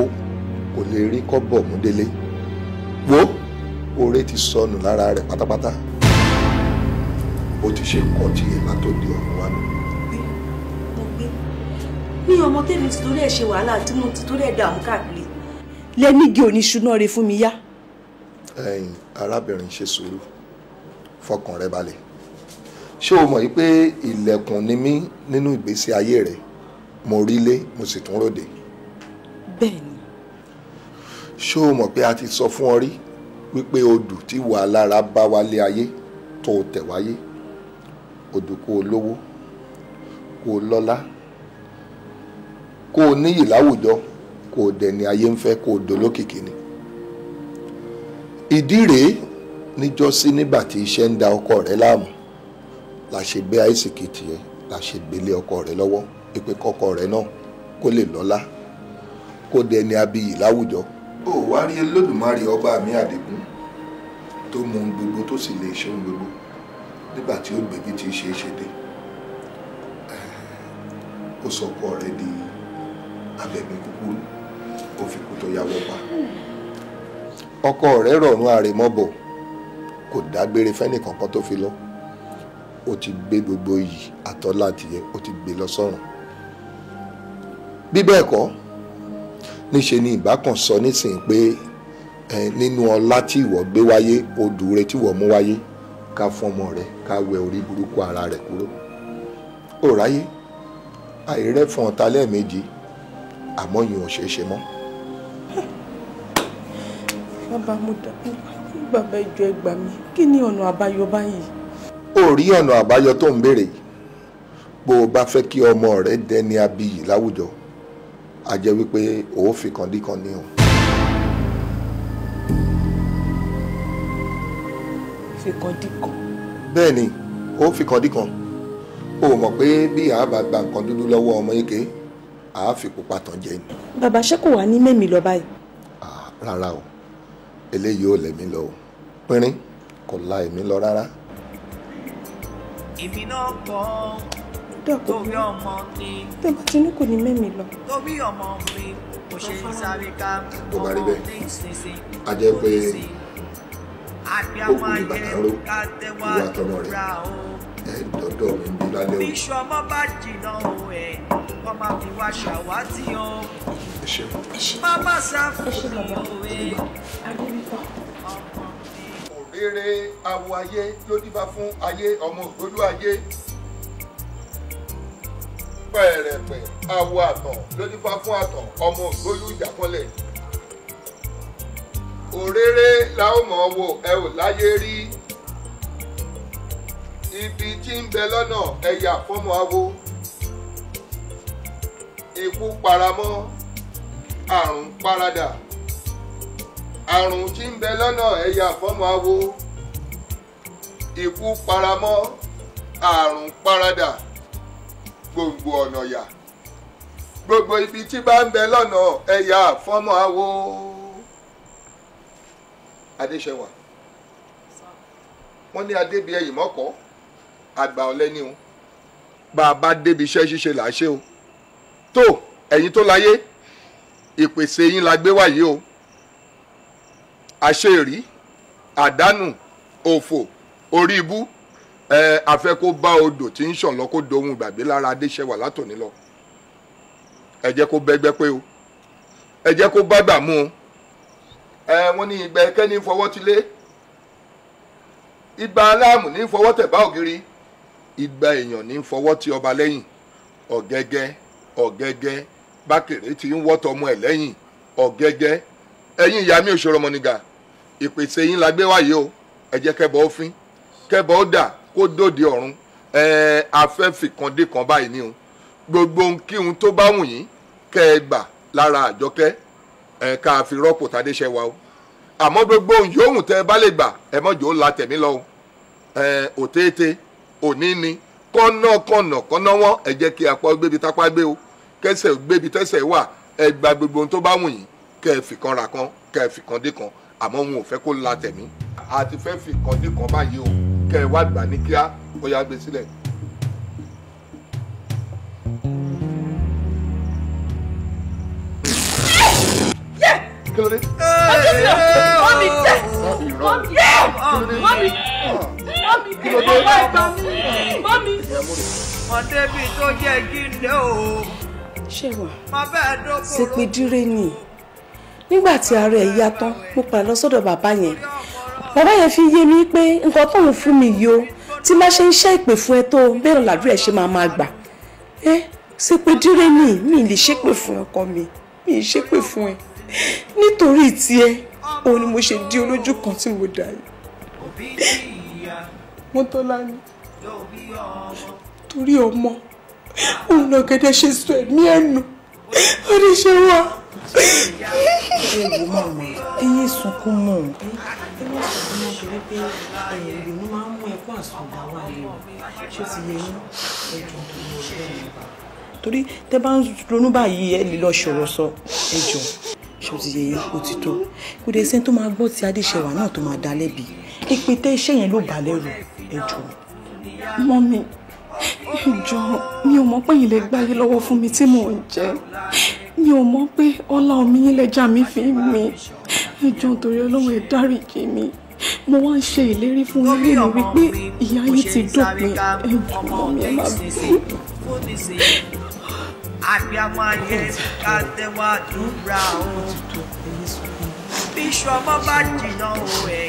kò lè rí kọ́bọ̀ mú délé wo oore ti sọnù lára rẹ̀ pátápátá ó ti ṣe nǹkan tí èèmà tó di ọ̀run wá nù. ní ọmọ tèmi ti torí ẹ̀ ṣe wàhálà tí mo ti torí ẹ̀ dààmú káàkiri lẹ́nìgì oníṣúná rẹ fún mi yá. ẹ̀yin arábìnrin ṣe sùúrù fọkàn rẹ balẹ̀ ṣé o mọ̀ yìí pé ilẹ̀kùn ni mí nínú ìgbésí ayé rẹ mo rí lé mo sì tún ròde. bẹ́ẹ̀ni. ṣé o mọ̀ pé a ti sọ fún ọ rí wípé odù tí wà lára bá wálé ayé tó tẹ̀ wáyé odù kó lówó kó lọ́lá kó níyì láwùjọ kó o dẹni ayé ń fẹ́ kó dolókìkí ni ìdí rèé níjọ́sí nígbà tí iṣẹ́ ń da ọkọ rẹ̀ láàmú la ṣe gbé àìsìkì tiẹ̀ la ṣe gbélé ọkọ rẹ̀ lọ́wọ́ pé kọ́kọ rẹ̀ náà kó lè lọ́lá kó dẹni abiyì láwùjọ. ó wá rí Olódùmarè ọba mi àdìgún tó mú un gbogbo tó sì lè ṣe gbogbo nígbà tí ó gbèbí tí ṣe é ṣe dé ó sọ ọkọ rẹ̀ di abẹ̀mí kúkúrú ó fi kú tó yàwó pa. ọkọ rẹ̀ rọrùn àrèmọ́bọ̀ kò dágbére fẹ́nìkankan tó fi lọ ó ti gbé gbogbo iyì àtọ́lá tìyẹ ó ti gbé lọ sọ́run bí bẹ́ẹ̀ kọ́ níṣe ni ìbákan sọ nísìnyí pé nínú ọlá tí ìwọ gbé wáyé odù rẹ tí ìwọ mú wáyé ká fọmọ rẹ ká wẹ orí burúkú ara rẹ kúrò ó ráyé àìrẹ́ fún ọ̀tá lẹ́ẹ̀mejì àmọ́ yìí ò ṣeé ṣe mọ́. bàbá mo dàbí bàbá ìjọ ẹgbà mi kí ni ọ̀nà àbáyọ báyìí. ó rí ọ̀nà àbáyọ tó ń béèrè bó o bá fẹ́ kí ọmọ rẹ dẹni abiyì láwùjọ a jẹ́ wípé o ò fi kàndínkàn ní o. fi kàndínkàn. bẹ́ẹ̀ ni o fi kàndínkàn o mọ̀ pé bí a bá gba nǹkan dúdú lọ́wọ́ ọmọ yìí ké a fi pupa tàn jẹ ni. bàbá ṣé kò wá ní mẹ́mi lọ báyìí. rárá o eléyìí ò lẹ̀mí lọ o pínrín kò la èmi lọ rárá. èmi náà kọ́ torí ọmọ mi. tó bá ti ní kò ní mẹ́mi lọ. torí ọmọ mi kò ṣe ń sáré ká ọmọ mi sísè. a jẹ́ pé ó kú ìbàdàn ro ìwà àtọmọ rẹ̀ dọ́dọ̀ mi bí lálẹ́ òní. bíṣọ ọmọ bá jìnnà òun ẹ wọn máa fi wá ṣàwátì o. ẹ ṣe má má sá fún mi òwe. òrèrè awọ ayé ló díbà fún ayé ọmọ ògbólú ayé pẹ̀rẹ̀pẹ̀ awọ àtọ̀ ló díbà fún àtọ̀ ọmọ ògbólú ìjàpọ̀lẹ̀ òrèrè la ó wo ọ́ wò ẹ ò láyé rí ibi tí ń bẹ lọ́nà ẹ̀yà fọ́mọ awo ikú paramọ́ àrùn paradà àrùn tí ń bẹ lọ́nà ẹ̀yà fọ́mọ awo ikú paramọ́ àrùn paradà gbogbo ọ̀nà yà gbogbo ibi tí bá ń bẹ lọ́nà ẹ̀yà fọ́mọ awo adéṣẹwà wọ́n ní adébíyẹ̀yìn mọ́kọ́ àgbà ọlẹ́ni o bá a bá débi iṣẹ́ ṣíṣe là á ṣe o tó ẹ̀yin tó láyé ìpèsè yín la gbé wáyé o àṣeyìrí àdánù òfò orí ibú ẹ afẹ́ kó bá odò tí ń ṣàn lọ kó dohun gbàgbé lára adéṣẹwà látòní lọ ẹ jẹ́ kó bẹ́gbẹ́ pé o ẹ jẹ́ kó bágbà mú o ẹ wọ́n ní ìgbà ẹkẹ́ ní fọwọ́ tilé ibà aláàmù ní fọwọ́ tẹ̀ bá ògiri igba èèyàn ní fọwọ́ ti ọba lẹ́yìn ọ̀gẹ́gẹ́ ọ̀gẹ́gẹ́ bákèrè ti ń wọ́tọ̀ ọmọ ẹ̀ lẹ́yìn ọ̀gẹ́gẹ́ ẹ̀yin ìyá mi òṣèré ọmọnìgà ìpèsè yín la gbé wáyé o ẹ jẹ́ kẹbọ òfin kẹbọ ó dà kó dòde ọ̀run ẹ afẹ́fì kan dé kan báyìí ni o gbogbo nkíhun tó bá wù yín kẹ ẹ gbà lára àjọkẹ́ ẹ ká fi rọ́pò tàdéṣẹ́ wa o àmọ́ gbogbo yòówù tẹ ẹ bá lè gbà ẹ mọ̀jọ́ la tẹ̀mí lọ o ẹ òtété òní ni kọ́nàkọ́nà kọ́nà wọn ẹ jẹ́ kí apá gbébi tápá gbé o kẹsẹ̀ gbébi tẹ́sẹ̀ wà ẹ gba gbogbo ohun tó bá wù yín kẹ́ ẹ fìkan ra kan kẹ́ ẹ fìkan dé kan àmọ́ wọn ò fẹ́ kó la tẹ̀mí àti fẹ́ fìkan dé kan báyìí o kẹ́ ẹ wá gbà ní kíá ó yá gbé sílẹ̀. thank you kí ló dé. mọ́mí tẹ̀ mọ́mí tẹ̀ mọ́mí mọ́mí tẹ̀ ọmọ ẹ̀gbọ́n mi mọ́mí. mọ̀tẹ́bí tó jẹ́ jíǹde o. ṣéwà sípè díré ni nígbà tí ara ẹ̀ yá tán mo padà lọ sọ́dọ̀ bàbá yẹn bàbá yẹn fi yé mi pé nǹkan tóun fún mi yìí o tí má ṣe ń ṣe ìpè fún ẹ tó bẹ́ẹ̀ làdúrà ẹ̀ ṣe máa máa gbà ẹ́ sípè díré ni mi lè ṣépè fún ọkọ mi mi ì ṣépè fún ẹ nítorí tiẹ̀ òun ni mo ṣe di olójú kan tí mo dà yìí mọ́tọ́lá ni torí ọmọ òun náà gẹ́gẹ́ ṣe sọ ẹ̀mí ẹ̀nu oníṣẹ́ wa. ewu mọ̀ mọ́ ẹyin sunkún mọ́ ẹ má sọ fún ọmọ torí pé ìrònú máa ń mú ẹkún àsùnwọ̀n wà lẹ́yìn ṣé ti yẹ yín ẹ̀dùn tó lọ bẹ́ẹ̀ ni. torí tẹ bá ń ronú báyìí ẹ lè lọ ṣòro sọ ẹjọ ṣó ti yẹ yín ó ti tó kò dé sẹ́ni tó máa gbọ́ ti adéṣẹwà náà tó máa dá lẹ́bi ìpètè iṣẹ́ yẹn ló bà lẹ́rù ẹjọ́. mọ́mí ìjọ mi ò mọ̀ pé yín lè gbáyé lọ́wọ́ fún mi tí mò ń jẹ mi ò mọ̀ pé ọlá omi yín lẹ́jà mi fi mi ẹjọ́ nítorí ọlọ́run ẹ̀ dáríjì mi mo wá ń ṣe ìlérí fún ilé mi wípé ìyá yìí ti dópin ẹjọ́ mọ́mí ẹ má bínú àgbàmọ ayé ká tẹwàdúrà o bíṣọ ọmọ bá jìnnà o ẹ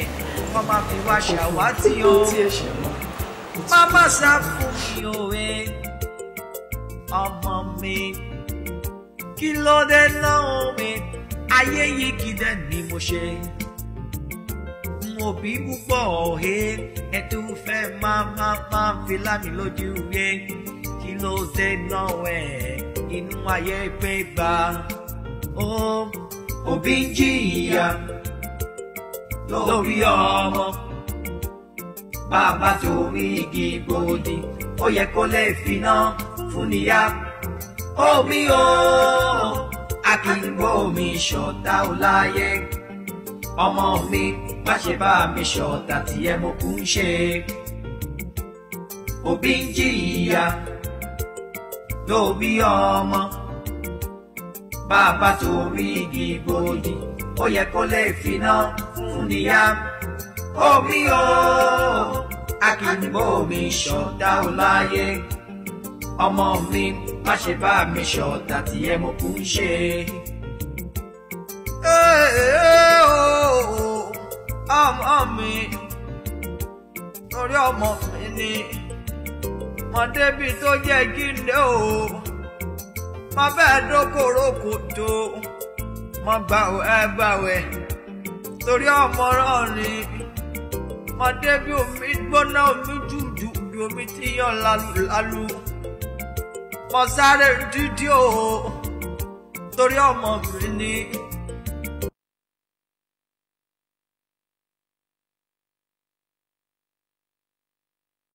wọn máa fi wá ṣàwátì o mama sá fún mi o ẹ ọmọ mi kí ló dé lọ́hùn mi ayé yìí kìdẹ́ ni mo ṣe òbí púpọ̀ ọ̀hẹ́ ẹ tó fẹ́ máa máa máa fi lámì lójú yé kí ló dé náà ẹ̀ inú ayé pé gbà ó òbí ń jìyà lórí ọmọ bàbá torí igi gbòdì ó yẹ kó lè finá fún níyà omi o akíngbómi ṣọ̀tá ò láyé ọmọ mi má bá mi ṣọ̀tá tí ẹ mọ̀ kú ń ṣe òbí jìyà tó bí ọmọ bàbá torí igi bòdì ó yẹ kó lè finá fún níyà omi o akínibómi ṣọ̀tá ò láyé ọmọ mi má ṣe bá mi ṣọ̀tá tí ẹ mọ̀ kú ṣe. ọmọ mi torí ọmọ mi ni mọ débi tó jẹ́ gíndé o mọ bẹ́ẹ̀ dókòrò kòtò mọ gbàwẹ̀ ẹ gbàwẹ̀ torí ọmọ rọrin mọ débi omi gbóná omi jùjù ju omi tí yàn lálùlálù mọ sáré dídí o torí ọmọ mi ni.